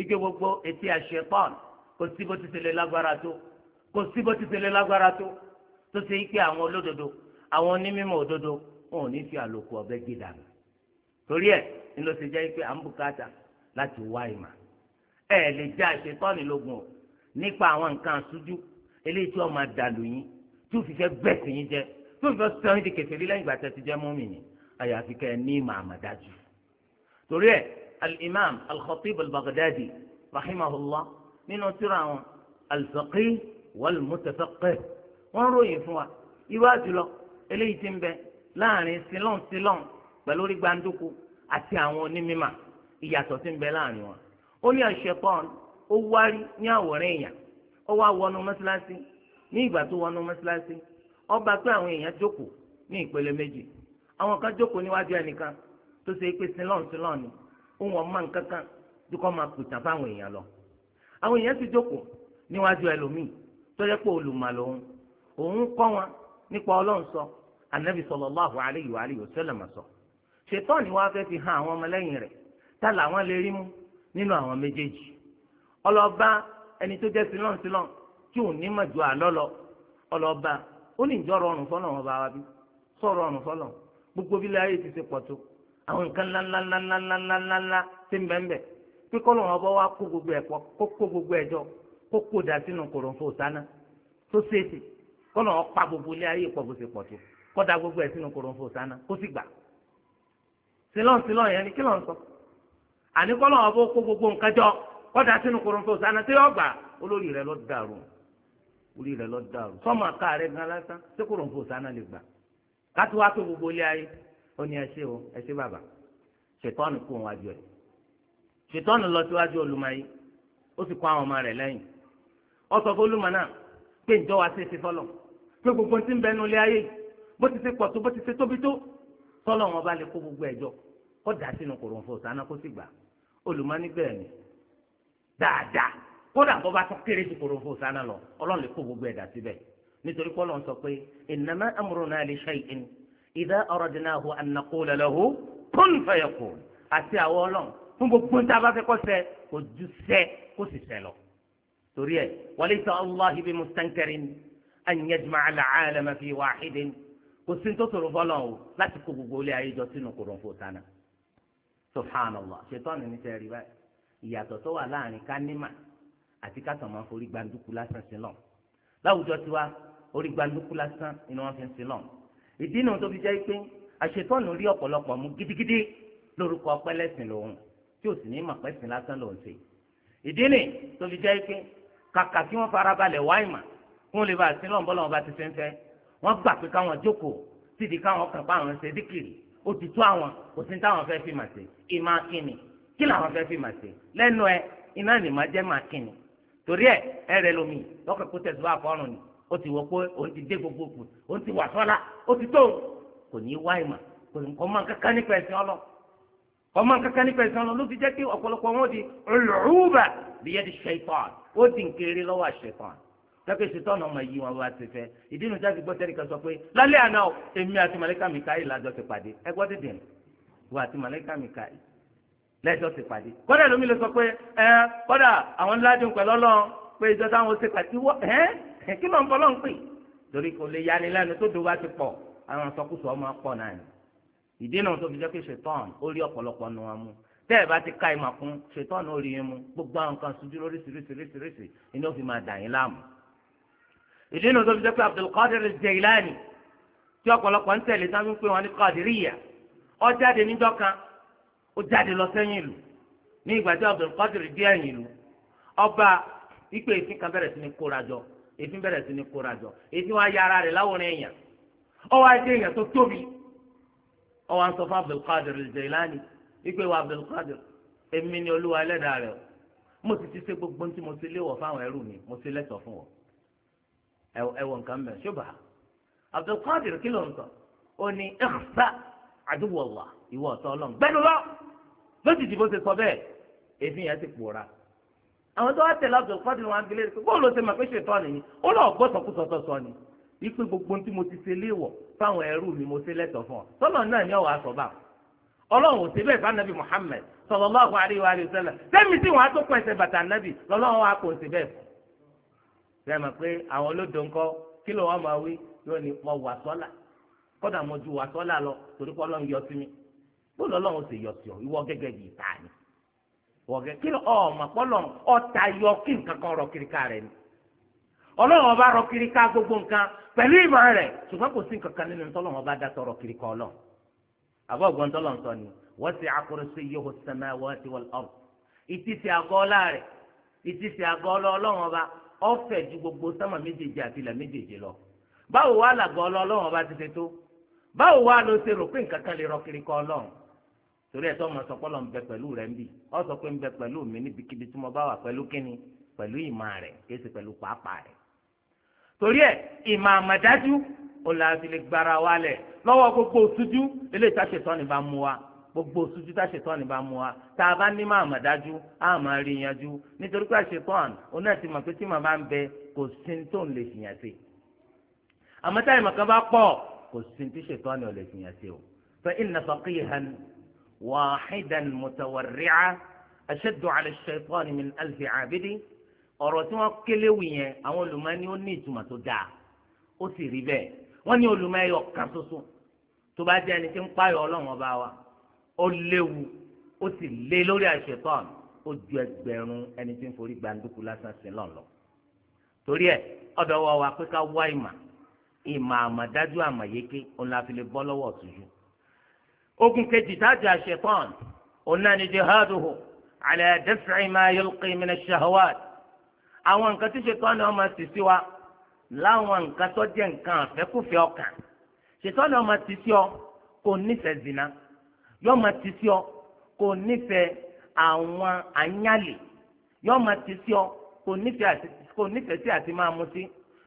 ike gbogbo etí àṣẹ pọ́ọ̀n kò sí bó ti ṣe lè lágbára tó kò sí bó ti ṣe lè lágbára tó tó ṣe pé àwọn olódodo àwọn onímọ̀ òdodo wọn ò ní fi àlòkù ọ̀bẹ gé dànù torí ẹ̀ ni ló ṣe jẹ́ pé à ń bùkátà láti wá ìmà ẹ lè já àṣẹ pọ́ọ̀nì lógun o nípa àwọn nǹkan àṣújú eléyìí tí wọ́n máa dàlù yín tí ó fi fẹ́ bẹ́ẹ̀ sí yín jẹ tí fi fẹ́ sọ yín di kẹfẹ́ lílẹ́yìn ìgbà tẹ́ ti jẹ́ mọ́mì yín àyàfi kẹ́ ẹ ní ìmọ̀ àmọ̀dájú. torí ẹ̀ al-imam al-khatib al-baghdadi rahimahullah nínú tírà àwọn al-faqih wal-mutafaqqih wọ́n ròyìn fún wa iwájú lọ eléyìí ti ń bẹ láàrin silọ́n silọ́n pẹ̀lú orí gbàǹdùkú àti àwọn onímọ̀ ìyàtọ̀ ti ń bẹ láàrin wọn. ó ní àṣepọ́n ó wárí ní àwòrán èèyàn ó wá wọnú mọ́ṣáláṣí ní ìgbà tó wọnú mọ́ṣáláṣí ó pé àwọn èèyàn jókòó ní ìpele méjì àwọn kan jókòó níwájú ẹnìkan tó ṣe pé sílọ̀n sílọ̀n ni òun ọ̀ máa ń kankan tó kọ́ máa pè tán fáwọn èèyàn lọ àwọn èèyàn ti jókòó níwájú ẹlòmíì tó yẹ pé olùmọ̀ lòun òun kọ́ wọn nípa ọlọ́run sọ anabi sallallahu alayhi wa alihi wa sallam sọ ṣètọ́ni wá fẹ́ fi hàn àwọn ọmọlẹ́yìn rẹ̀ tá làwọn lè rí mú nínú àwọn méjèèjì ọlọ́ba ẹni tó jẹ́ sílọ̀n sílọ̀n tí ò ní ju àlọ́ lọ ọlọ́ba ó ní ìjọ rọrùn fọlọ́run ọba wa bí sọ rọrùn fọlọ́run gbogbo bí láyé ti ṣe pọ̀ tó àwọn nǹkan ńláńláńláńláńláńlá ti ń bẹ́ẹ̀ pé kọ́lọ̀ wọn bá wá kó gbogbo ẹ̀ pọ̀ kó kó gbogbo ẹ̀ jọ kó kó dà sínú kòròǹfò sáná tó ṣèṣì kọ́lọ̀ wọn pa gbogbo ilé ayé pọ̀ bó ṣe pọ̀ tó kó dà gbogbo ẹ̀ sínú kòròǹfò sáná kó sì gbà sílọ̀n sílọ̀n yẹn ni kí lọ́n sọ àní kọ́lọ̀ wọn bó kó gbogbo nǹkan jọ kó dà sínú kòròǹfò sáná tí yóò gbà olórí rẹ ló dàrú orí rẹ lọ dàrú sọmọ àká rẹ gan lásán tí kòròǹfò sáná lè gbà láti wá pé gbogbo ilé ayé ó ní ẹsẹ o ẹsẹ bàbá ṣètọ́nù kú òun wájú ẹ̀ ṣètọ́nù lọ síwájú olùmọ̀ọ́yé ó sì kó àwọn ọmọ rẹ̀ lẹ́yìn ó sọ fún olùmọ̀ náà pé ǹjọ́ wa ṣe é ṣe fọlọ̀ pé gbogbo ti ń bẹnu ilé ayé bó ti ṣe pọ̀ tó bó ti ṣe tóbi tó tọ́lọ̀ wọn bá lè kó gbogbo ẹ̀jọ́ kó dà sínú kòròǹfò sáná kó sì gbà olùmọ̀ ni dáadáa kódà bó bá tún kéré ju kòròǹfò sáná lọ ọlọ́run nítorí pé Ọlọ́run sọ pé innama amruna li shay'in idha aradnahu an naqula lahu kun fayakun àti àwọn Ọlọ́run fún gbogbo tá a bá fẹ́ kó ṣẹ kó ju ṣẹ kó sì ṣẹ lọ. torí ẹ walaysa Allahi bi mustankarin an yajma'a al-'alama fi wahidin kò sí tó sọ̀rọ̀ fọlọ́n o láti kó gbogbo ilé ayé jọ sínú kòròǹfò tánà subhanallah ṣètọ́nù ní sẹ́ẹ̀rì báyìí ìyàtọ̀ tó wà láàrin kánímà orí gbanduku lásán ni wọ́n fi ń sin náà ìdí nu tó fi jẹ́ pé àṣetọ́nù rí ọ̀pọ̀lọpọ̀ mú gidigidi lórúkọ ọpẹ́lẹ́sìn lòun tí ò sì ní mọ̀ pẹ́sìn lásán lòun ṣe ìdí ni tó fi jẹ́ pé kàkà kí wọ́n farabalẹ̀ wá ìmọ̀ kí wọ́n lè bá sin náà bọ́lá wọn bá ti fẹ́ fẹ́ wọ́n gbà pé káwọn jókòó síbi káwọn kàn pa àwọn ṣe díkìrì ó ti tó àwọn kò sí táwọn fẹ́ fi mà ṣe ìmọ̀ akínni kí làwọn fẹ́ fi mà ṣe lẹ́nu ẹ iná nìmọ̀ jẹ́ mà akínni torí ẹ ẹ rẹ lomi lọ́kàn kó tẹ̀síwá fọ́rùn ni ó ti wọ pé òun ti dé gbogbo kù òun ti wà sọ́la ó ti tó kò ní wá ìmọ̀ kò ní kọ́ máa kankan nípa ẹ̀sìn ọlọ kọ́ máa kankan nípa ẹ̀sìn ọlọ ló fi jẹ́ pé ọ̀pọ̀lọpọ̀ wọn di ọlọ́ọ̀bà bí yẹ́ di ṣẹ̀tàn ó di nkiri lọ́wọ́ àṣetàn tẹ́kẹ́ ṣetán ọmọ yìí wọn bá ti fẹ́ ìdí inú jáde gbọ́ tẹ́lẹ̀ kan sọ pé lálẹ́ àná èmi àti màlẹ́kà mi káyì lájọ ti pàdé ẹ gbọ́ dídìn wọ́n àti màlẹ́kà mi káyì lẹ́jọ́ ti pàdé kọ́dà lómi lè sọ pé ẹ kọ́dà àwọn ńlá dín pẹ̀lú ọlọ́run pé ìjọ táwọn ṣe pàdé wọ́n ẹ́ kí ló ń bọ́ lọ́n pè torí kò lè yani lẹ́nu tó do bá ti pọ̀ àwọn sọkúsọ ọmọ pọ̀ náà ni ìdí náà tó fi jẹ́ pé ṣètọ́n ó rí ọ̀pọ̀lọpọ̀ nu wọn mú tẹ́ ẹ̀ bá ti ka ìmọ̀ kún ṣètọ́n ó rí yín mú gbogbo àwọn kan sojú lóríṣiríṣiríṣiríṣi inú ó fi máa dà yín láàmú ìdí náà tó fi jẹ́ pé Abdulkadir Jailani tí ọ̀pọ̀lọpọ̀ ń tẹ̀lé sáwọn pé wọn ní Qadiriyya ó jáde níjọ́ kan ó jáde lọ sẹ́yìn ìlú ní ìgbà tí Abdulkadir dé ẹ̀yìn ìlú ọba ìpè ìsìn kan bẹ̀rẹ̀ sí ní kórajọ ètí bẹ̀rẹ̀ sí ni kóra jọ ètí wọn ayé ara rẹ̀ láwòrán èèyàn ọwọ́ ajé èèyàn tó tóbi ọwọ́ à ń sọ fún Abdulkadir Jailani wípé wa Abdulkadir èmi ni olúwa ẹlẹ́dàá rẹ̀ mo sì ti ṣe gbogbo tí mo ti léwọ̀ fáwọn ẹrú mi mo ti lẹ́tọ̀ fún wọn ẹwọ nǹkan mẹ́ ṣùgbà Abdulkadir kí ló ń sọ ó ní ẹ̀xá àdúgbò wà ìwọ ọ̀tọ̀ ọlọ́run gbẹ́nu lọ lójijì bó ti sọ bẹ́ẹ̀ èmi yẹn ti pòórá àwọn tó wá tẹ̀lé Abdul wọn abilé rẹ̀ bóòlù ṣe máa pé ṣètọ́ nìyí ó lọ gbọ́ sọkúsọtọ̀ sọ ni wípé gbogbo tí mo ti ṣe léèwọ̀ fáwọn ẹrú mi mo ṣe lẹ́tọ̀ fún ọ tọ́lọ̀ náà ni ọ̀wà sọ̀bà ọlọ́run ò ṣe bẹ́ẹ̀ fún anabi Muhammad sallallahu alaihi wa sallam sẹ́mi tí wọ́n á tó pẹ̀sẹ̀ bàtà anabi lọ́lọ́run wa kò ṣe bẹ́ẹ̀ fún wọ̀gẹ́ kí ọmọ pọ́lọ̀ ọ̀tá yọ kí nǹkan kan rọ kiriká rẹ̀ ni ọlọ́run ọba rọ kiriká gbogbo nǹkan pẹ̀lú ìmọ̀ rẹ̀ ṣùgbọ́n kò sí nǹkan kan nínú tọ́lọ́run ọba dátọ̀ rọ kiriká ọlọ́run àbọ̀ ọ̀gbọ́n tọ́lọ́run sọ ni wasi'a kursiyyuhu as-samawati wal-ard ìtìsí àgọ́ ọlá rẹ̀ ìtìsí àgọ́ ọlọ́run ọba ọ̀fẹ́ ju gbogbo sánmà méjèèjì àti ilẹ̀ méjèèjì lọ báwo wá làgọ́ ọlọ́run ọba ti ṣe tó báwo wá ló ṣe rò pé nǹkan kan lè rọ kiriká ọlọ́run torí ẹ̀ tó ọmọ sọ pọ́lọ̀ ń bẹ pẹ̀lú rẹ̀ ń bì ọ sọ pé ń bẹ pẹ̀lú mi níbikíbi tí mo bá wà pẹ̀lú kíni pẹ̀lú ìmọ̀ rẹ̀ kì í ṣe pẹ̀lú pàápàá rẹ̀ torí ẹ̀ ìmọ̀ àmọ̀dájú ó la fi lè gbára wa lẹ̀ lọ́wọ́ gbogbo òtújú eléyìí tá a ṣe tán ni bá mú wa gbogbo òtújú tá a ṣe tán ni bá mú wa tá a bá ní mọ̀ àmọ̀dájú á máa rí yanjú nítorí pé àṣetán òun náà ti mọ̀ pé tí màá bá ń bẹ kò sí tó ń lè fìyàn sí àmọ́ واحدا متورعا أشد على الشيطان من ألف عابد ọ̀rọ̀ tí wọ́n kéléwu yẹn àwọn olùmọ̀ ni ó ní ìtumọ̀ tó dáa ó sì rí bẹ́ẹ̀ wọ́n ní olùmọ̀ ẹyọ kan ṣoṣo tó bá jẹ́ ẹni tí ń pààyọ̀ ọlọ́run ọba wa ó léwu ó sì lé lórí àṣetán ó ju ẹgbẹ̀rún ẹni tí ń forí gbàǹdùkú lásán sí lọ́nlọ́ torí ẹ̀ ọ̀dọ̀ wa wa pé ká wá ìmà ìmà àmàdájú àmàyéké òun la fi lè bọ́ lọ́wọ́ ọ̀túnjú ogun kejì táàjì àṣetán ọ̀nà ni jihaduhu ala daf'i ma yulqi min ash-shahawat àwọn nǹkan tí ṣetán ni wọ́n máa sì sí wa láwọn nǹkan tó jẹ́ nǹkan àfẹ́kùfẹ́ ọkàn ṣetán ni wọ́n máa sì sí ọ kò nífẹ̀ẹ́ zina yọ́ máa sì sí ọ kò nífẹ̀ẹ́ àwọn ànyálè yọ́ máa sì sí ọ kò nífẹ̀ẹ́ sí àti máa mutí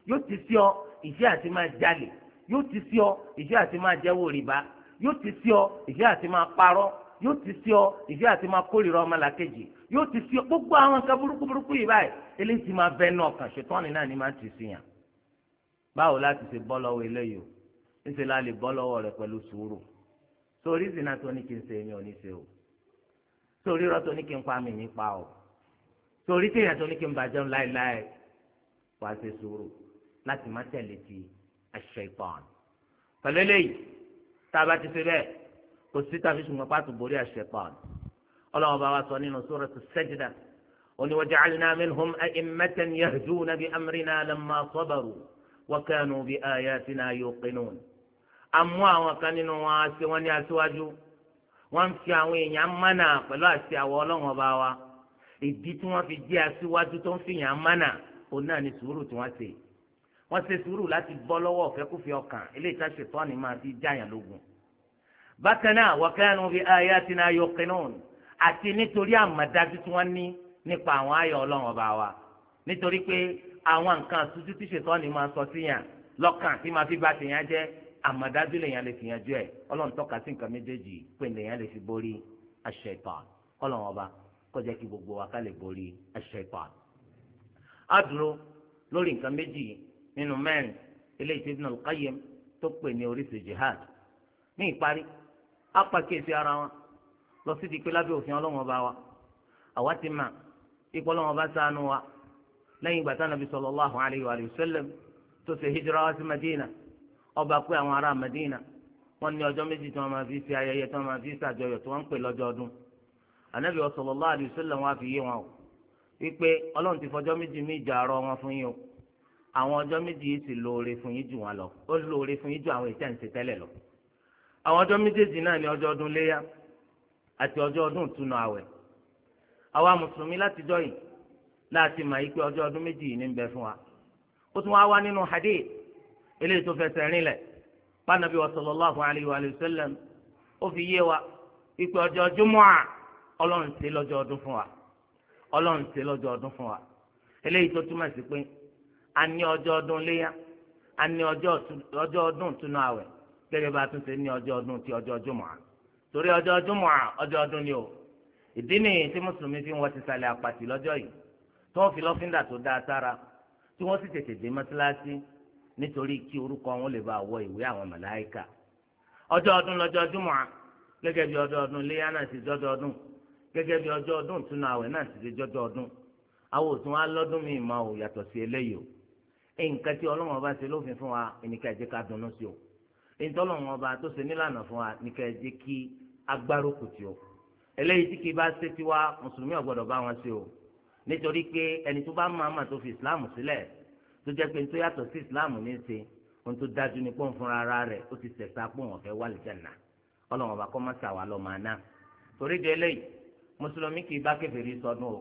yóò ti sí ọ ìṣe àti máa jalè yóò ti sí ọ ìṣe àti máa jẹ́wọ́ rìbá yóò ti sí ọ ìfẹ́ àti máa parọ́ yóò ti sí ọ ìfẹ́ àti máa kórìíra ọmọlàkejì yóò ti sí ọ gbogbo àwọn nǹkan burúkú burúkú yìí báyìí eléyìí ti máa bẹ náà kàn ṣètọ́ni náà ni máa ti sí yàn báwo láti ṣe bọ́ lọ́wọ́ eléyìí o ńṣe la lè bọ́ lọ́wọ́ rẹ pẹ̀lú sùúrù sórí ìsìn náà tó kí n ṣe èmi ò ní ṣe o sórí irọ́ tó kí n pa mi ní pa o sórí téèyàn tó ní kí n bàjẹ́ láéláé wàá ṣe sùúrù láti má tẹ̀lé ti àṣẹ ìpọ́n pẹ̀lú eléyìí tá a bá ti ṣe bẹ́ẹ̀ kò sí tàbí ṣùgbọ́n pàtó borí àṣepọ̀n ọlọ́run bá wa sọ nínú suratu sajda ó ní waja'alna minhum a'immatan yahduna bi amrina lamma sabaru wa kanu bi ayatina yuqinun àmú àwọn kan nínú wọn aṣẹ wọn ní aṣíwájú wọn fi àwọn èèyàn mánà pẹ̀lú àṣẹ àwọn ọlọ́run ọba wa ìdí tí wọ́n fi jẹ́ aṣíwájú tó ń fi èèyàn mánà òun náà ni sùúrù tí wọ́n ṣe yìí wọ́n ṣe sùúrù láti bọ́ lọ́wọ́ ọ̀fẹ́kùfẹ́ ọkàn eléyìí tá ṣètọ́ ni máa fi jáyàn lógun. bákan náà wa kanu bi ayatina yuqinun àti nítorí àmọ̀dájú tí wọ́n ní nípa àwọn ayọ̀ ọlọ́run ọba wa nítorí pé àwọn nǹkan àtúntú tí ṣètọ́ ni máa sọ síyàn lọ́kàn tí máa fi bá tèèyàn jẹ́ àmọ̀dájú lèèyàn lè fìyàn jẹ́ ẹ̀ ọlọ́run tọ́ka sí nǹkan méjèèjì pé lèèyàn lè fi borí aṣ ọlọ́run ọba nínú mẹ́rin eléyìí tí Ibn al-Qayyim tó pè ní oríṣi jihad ní ìparí apàkíyèsí ara wọn lọ sí di pé lábẹ́ òfin ọlọ́wọ́n bá wa àwa ti mà ipò ọlọ́wọ́n bá ṣàánú wa lẹ́yìn ìgbà tá nàbí sallallahu alayhi wa sallam tó ṣe hijira sí Madina ọba pé àwọn ará Madina ní ọjọ́ méjì tí máa fi ṣe ayẹyẹ tí máa fi tí ń pè lọ́jọ́ ọdún ànábì wọn o wípé Ọlọ́run ti fọjọ́ méjì mí ìjà àárọ̀ wọn àwọn ọjọ́ méjì yìí sì lóore fún yín jù wọn lọ ó lóore fún yín jù àwọn ìtẹ̀ǹsẹ̀ tẹ́lẹ̀ lọ àwọn ọjọ́ méjèèjì náà ni ọjọ́ ọdún léyà àti ọjọ́ ọdún ìtúnu àwẹ̀ àwa mùsùlùmí látijọ́ yìí láti mà yí pé ọjọ́ ọdún méjì yìí ní ń bẹ fún wa ó tún wá wá nínú hadith eléyìí tó fẹsẹ̀ rinlẹ̀ pànàbí wa alayhi wa sallam ó fi yé wa a ní ọjọ́ ọdún léya a ní ọjọ́ ọdún túnú àwẹ̀ gẹ́gẹ́ bá tún ṣe ní ọjọ ọdún ti à torí ọjọ à ọdún ni o ìdí nìyí tí mùsùlùmí fi ń wọ tìsàlẹ̀ àpàtì lọ́jọ́ yìí tí wọ́n fi tó dá sára tí sì tètè dé nítorí kí wọ ìwé àwọn ọdún à bí ọdún náà ti ọdún bí ọdún nǹkan tí ọlọ́wọ́n bá ṣe lófin fún wa ní ká jẹ́ ká dunnú sí o ìtọ́lọ́wọ́n ọba tó ṣe nílànà fún wa ní ká jẹ́ kí agbárùkù tì o eléyìí tí kì í bá ṣe tiwa mùsùlùmí ọ̀gbọ́dọ̀ bá wọn ṣe o nítorí pé ẹni tó bá máa máa tó fi ìsìláàmù sílẹ̀ tó jẹ́ pé tó yàtọ̀ sí ìsìláàmù ní í ṣe ohun tó dájú ni pọ́n fúnra ara rẹ̀ ó ti ṣẹ̀ṣà pọ́n ọ̀fẹ́ wà lìjànà ọlọ́wọ́n ọba kọ́ má ṣàwà lọ́ máa ná torí de eléyìí mùsùlùmí kì í bá kèfèrí sọdún o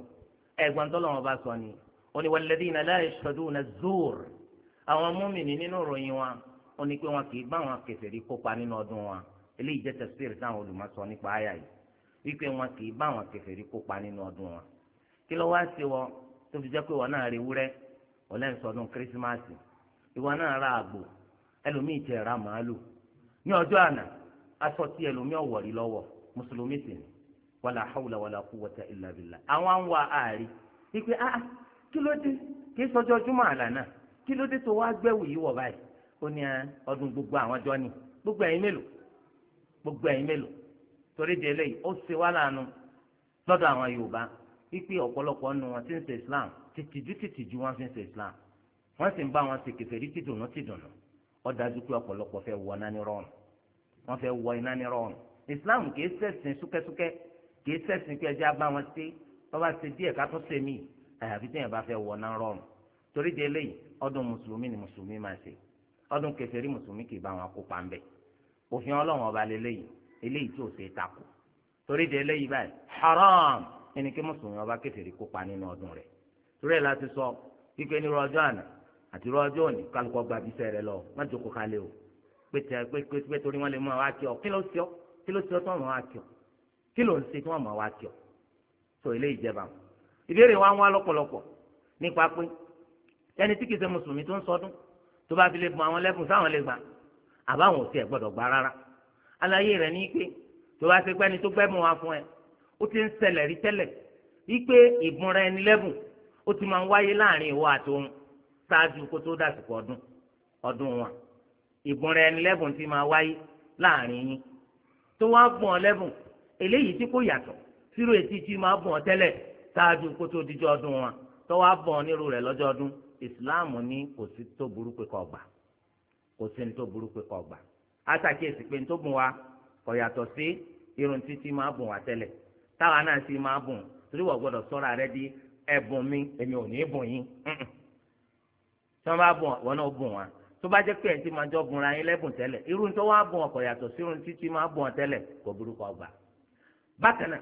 ẹ̀gbọ́n tọ́lọ́wọ́n ọba sọ ni oni walladhina la yashhaduna az-zur àwọn mùmínì nínú ìròyìn wa ó ní pé wọn kì í bá wọn kèfèrí kópa nínú ọdún wa eléyìí jẹ́ tafsir táwọn olùmọ̀sọ nípa àyà yìí wípé wọn kì í bá wọn kèfèrí kópa nínú ọdún wa kí ló wá sí wọ tó fi jẹ́ pé wọn náà rí wúrẹ́ ọlẹ́nsọdún kírísímàsì ìwọ náà ra àgbò ẹlòmíì tẹ ra màálù ní ọjọ́ àná aṣọ tí ẹlòmíì ọ̀wọ̀rí lọ́wọ́ mùsùlùmí sì ni wàlà hàwùlà wàlà kúwọ́tà ìlàbìlà àwọn àwọn àárí wípé kí ló dé kí sọjọ́ júmọ̀ àlà náà kí ló dé tó wá gbẹ́wò yìí wọ̀ báyìí ó ní ọdún gbogbo àwọn jọ ni gbogbo ẹ̀yin mélòó gbogbo ẹ̀yin mélòó torí di eléyìí ó ṣe wá láàánú lọ́dọ̀ àwọn Yorùbá wípé ọ̀pọ̀lọpọ̀ nu wọn ti ń ṣe Islam tìtìjú tìtìjú wọn fi ń ṣe Islam wọn sì ń bá wọn ṣe kèfèrí tìdùnnú tìdùnnú ó dájú pé ọ̀pọ̀lọpọ̀ fẹ́ wọ iná ní rọrùn wọn fẹ́ wọ iná ní rọrùn Islam kìí ṣẹ̀sìn súkẹ́súkẹ́ kìí ṣẹ̀sìn pé ẹjẹ́ abá wọn ṣe tọ́ba ṣe díẹ̀ ká tún ṣe míì àyàfi téèyàn bá fẹ́ wọ náà rọrùn torí de eléyìí ọdún mùsùlùmí ni mùsùlùmí máa ṣe ọdún kèfèrí mùsùlùmí kì í bá wọn kópa ń bẹ òfin Ọlọ́run ọba lélẹ́yìí eléyìí tí ò ṣe takò torí de eléyìí báyìí haram ẹni kí mùsùlùmí ọba kèfèrí kópa nínú ọdún rẹ̀ torí ẹ láti sọ wípé nírú ọjọ́ àná àti irú ọjọ́ òní kálukọ gba abisẹ rẹ lọ má jókòó kalẹ̀ o pété torí wọn lè mú àwọn akíọ kí ló ṣe ọ kí ló ṣe ọ tó wọn akíọ kí ló ń ṣe tí ìbéèrè wa ń wá lọ́pọ̀lọpọ̀ nípa pé ẹni tí kìí ṣe mùsùlùmí tó ń sọdún tó bá fi lè mọ àwọn lẹ́bùn sáwọn lè gbà àbáwọn ò tiẹ̀ gbọ́dọ̀ gbà rárá àlàyé rẹ̀ ní pé tó bá ṣe pé ẹni tó gbẹ́bùn wa fún ẹ ó ti ń ṣẹlẹ̀ rí tẹ́lẹ̀ wípé ìbùnra ẹni lẹ́bùn ó ti máa ń wáyé láàrin ìwọ àti òun ṣáájú kó tó dàsìkò ọdún ọdún wọn ìbùnra ẹni lẹ́bùn ti máa wáyé láàrin yín tó wá bùn ọ lẹ́bùn eléyìí tí kò yàtọ̀ sírò ètí tí máa bùn ọ tẹ́lẹ̀ ṣáájú kó tó dijọ́ ọdún wọn tọ́wọ́ abọ̀ onírú rẹ̀ lọ́jọ́ ọdún islam ní kò sí tó burú pé kó gbà kò sí tó burú pé kó gbà àtàkìyèsí pé tó bùn wa kò yàtọ̀ sí irun títí máa bùn wa tẹ́lẹ̀ táwa náà sì máa bùn torí wọ́n gbọ́dọ̀ sọ́ra rẹ di ẹ̀bùn mi èmi ò ní bùn yín tí wọ́n bá bùn wọn náà bùn wa tó bá jẹ́ pé ẹ̀ ti máa jọ bùnra yín lẹ́bùn tẹ́lẹ̀ irun tó wá bùn ọkọ̀ yàtọ̀ sí irun títí máa bùn ọ tẹ́lẹ̀ kò burú kó gbà bákan náà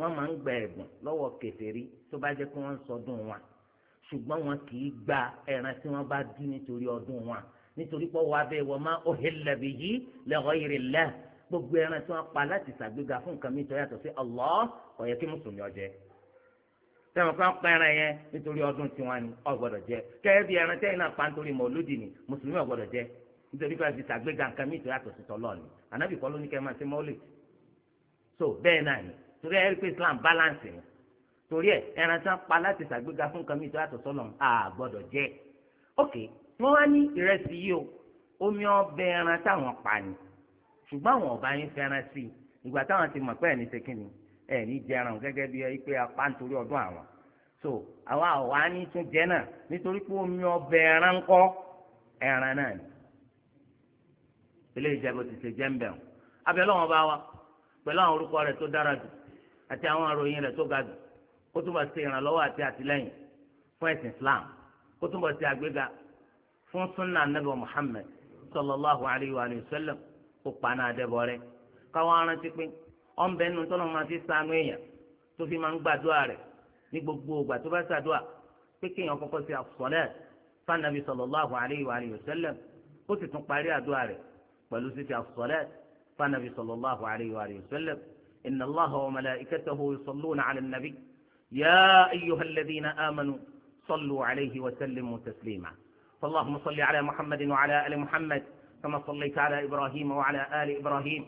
wọ́n máa ń gba ẹ̀bùn lọ́wọ́ kèfèrí tó bá jẹ́ pé wọ́n ń sọdún wọn ṣùgbọ́n wọn kì í gba ẹran tí wọ́n bá dú nítorí ọdún wọn nítorí pé wọ́n abẹ́ wọ́n máa uhilla bihi li ghayri llah gbogbo ẹran tí wọ́n pa láti ṣàgbéga fún nǹkan mìíràn yàtọ̀ sí Allah kò yẹ kí mùsùlùmí ó jẹ tẹ̀wọ̀n kan pa ẹran yẹn nítorí ọdún tiwọn ni ó gbọ́dọ̀ jẹ kẹ́ẹ́ bí ẹran tẹ́yìn náà pa nítorí mọ̀lúdì ni mùsùlùmí ó gbọ́dọ̀ jẹ nítorí pé a ti ṣàgbéga nǹkan mìíràn yàtọ̀ sí tọ́lọ́ọ̀ni ànábì kọ́ ló ní kẹ́ máa ṣe mọ́lì so bẹ́ẹ̀ náà ni torí ẹ̀rí pé islam balance ni torí ẹ̀ ẹran tí wọ́n pa láti ṣàgbéga fún kan mi tó yàtọ̀ sọ́nà à gbọ́dọ̀ jẹ́ ok wọ́n wá ní ìrẹsì yìí o omi ọbẹ̀ ẹran táwọn pa ni ṣùgbọ́n àwọn ọba yín fẹ́ràn sí i ìgbà táwọn ti mọ̀ pé ẹ̀ní ṣe kíni ẹ̀ní jẹran gẹ́gẹ́ bí ẹ pé apá nítorí ọdún àwọn so àwa àwa ní tún jẹ náà nítorí pé omi ọbẹ̀ ẹran ń kọ́ ẹran náà ni eléyìí jẹ́ bó ti ṣe jẹ́ ń bẹ̀rù abẹ́lẹ́ wọn bá wa pẹ̀lú àwọn orúkọ rẹ̀ tó dára jù àti àwọn àròyìn rẹ̀ tó ga jù kó túbọ̀ ṣe ìrànlọ́wọ́ àti àtìlẹ́yìn fún ẹ̀sìn Islam kó túbọ̀ ṣe àgbéga fún sunna anabi Muhammad sallallahu alayhi wa sallam kó paná adẹ́bọ̀ rẹ̀ káwọn arántí pé ọ̀nbẹ nínú tọ́lọ́ máa fi ṣàánú èèyàn tó fi máa ń gbàdúrà rẹ̀ ní gbogbo ìgbà tó bá ṣàdúrà pé kéèyàn kọ́kọ́ ṣe àfọ̀lẹ́ fanabi sallallahu alayhi wa sallam ó sì tún parí àdúrà rẹ̀ pẹ̀lú ṣíṣe àfọ̀lẹ́ fanabi sallallahu alayhi wa sallam إن الله وملائكته يصلون على النبي يا أيها الذين آمنوا صلوا عليه وسلموا تسليما فاللهم صل على محمد وعلى آل محمد كما صليت على إبراهيم وعلى آل إبراهيم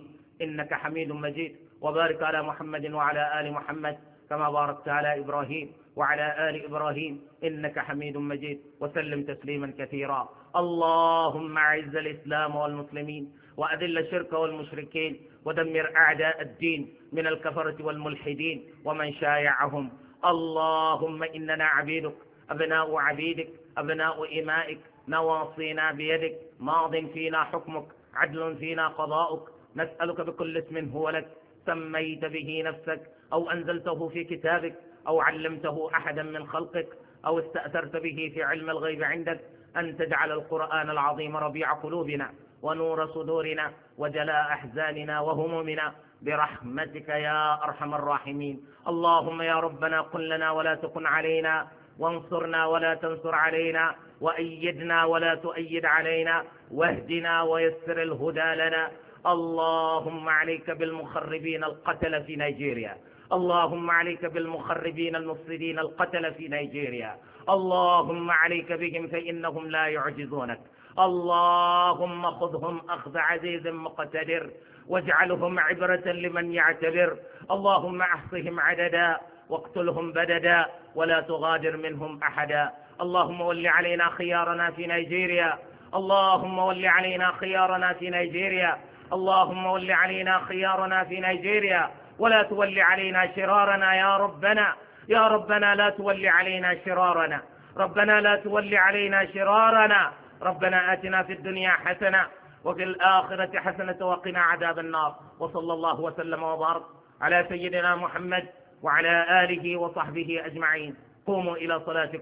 إنك حميد مجيد وبارك على محمد وعلى آل محمد كما باركت على إبراهيم وعلى آل إبراهيم إنك حميد مجيد وسلم تسليما كثيرا اللهم اعز الإسلام والمسلمين وأذل الشرك والمشركين ودمر أعداء الدين من الكفرة والملحدين ومن شايعهم اللهم إننا عبيدك أبناء عبيدك أبناء إمائك نواصينا بيدك ماض فينا حكمك عدل فينا قضاؤك نسألك بكل اسم هو لك سميت به نفسك أو أنزلته في كتابك أو علمته أحدا من خلقك أو استأثرت به في علم الغيب عندك أن تجعل القرآن العظيم ربيع قلوبنا ونور صدورنا وجلاء أحزاننا وهمومنا برحمتك يا أرحم الراحمين اللهم يا ربنا قل لنا ولا تكن علينا وانصرنا ولا تنصر علينا وأيدنا ولا تؤيد علينا واهدنا ويسر الهدى لنا اللهم عليك بالمخربين القتل في نيجيريا اللهم عليك بالمخربين المفسدين القتل في نيجيريا اللهم عليك بهم فإنهم لا يعجزونك اللهم خذهم أخذ عزيز مقتدر واجعلهم عبرة لمن يعتبر اللهم أحصهم عددا واقتلهم بددا ولا تغادر منهم أحدا اللهم ول علينا خيارنا في نيجيريا اللهم ول علينا خيارنا في نيجيريا اللهم ول علينا خيارنا في نيجيريا ولا تول علينا شرارنا يا ربنا يا ربنا لا تول علينا شرارنا ربنا لا تول علينا شرارنا ربنا آتنا في الدنيا حسنة وفي الآخرة حسنة وقنا عذاب النار وصلى الله وسلم وبارك على سيدنا محمد وعلى آله وصحبه أجمعين قوموا إلى صلاتكم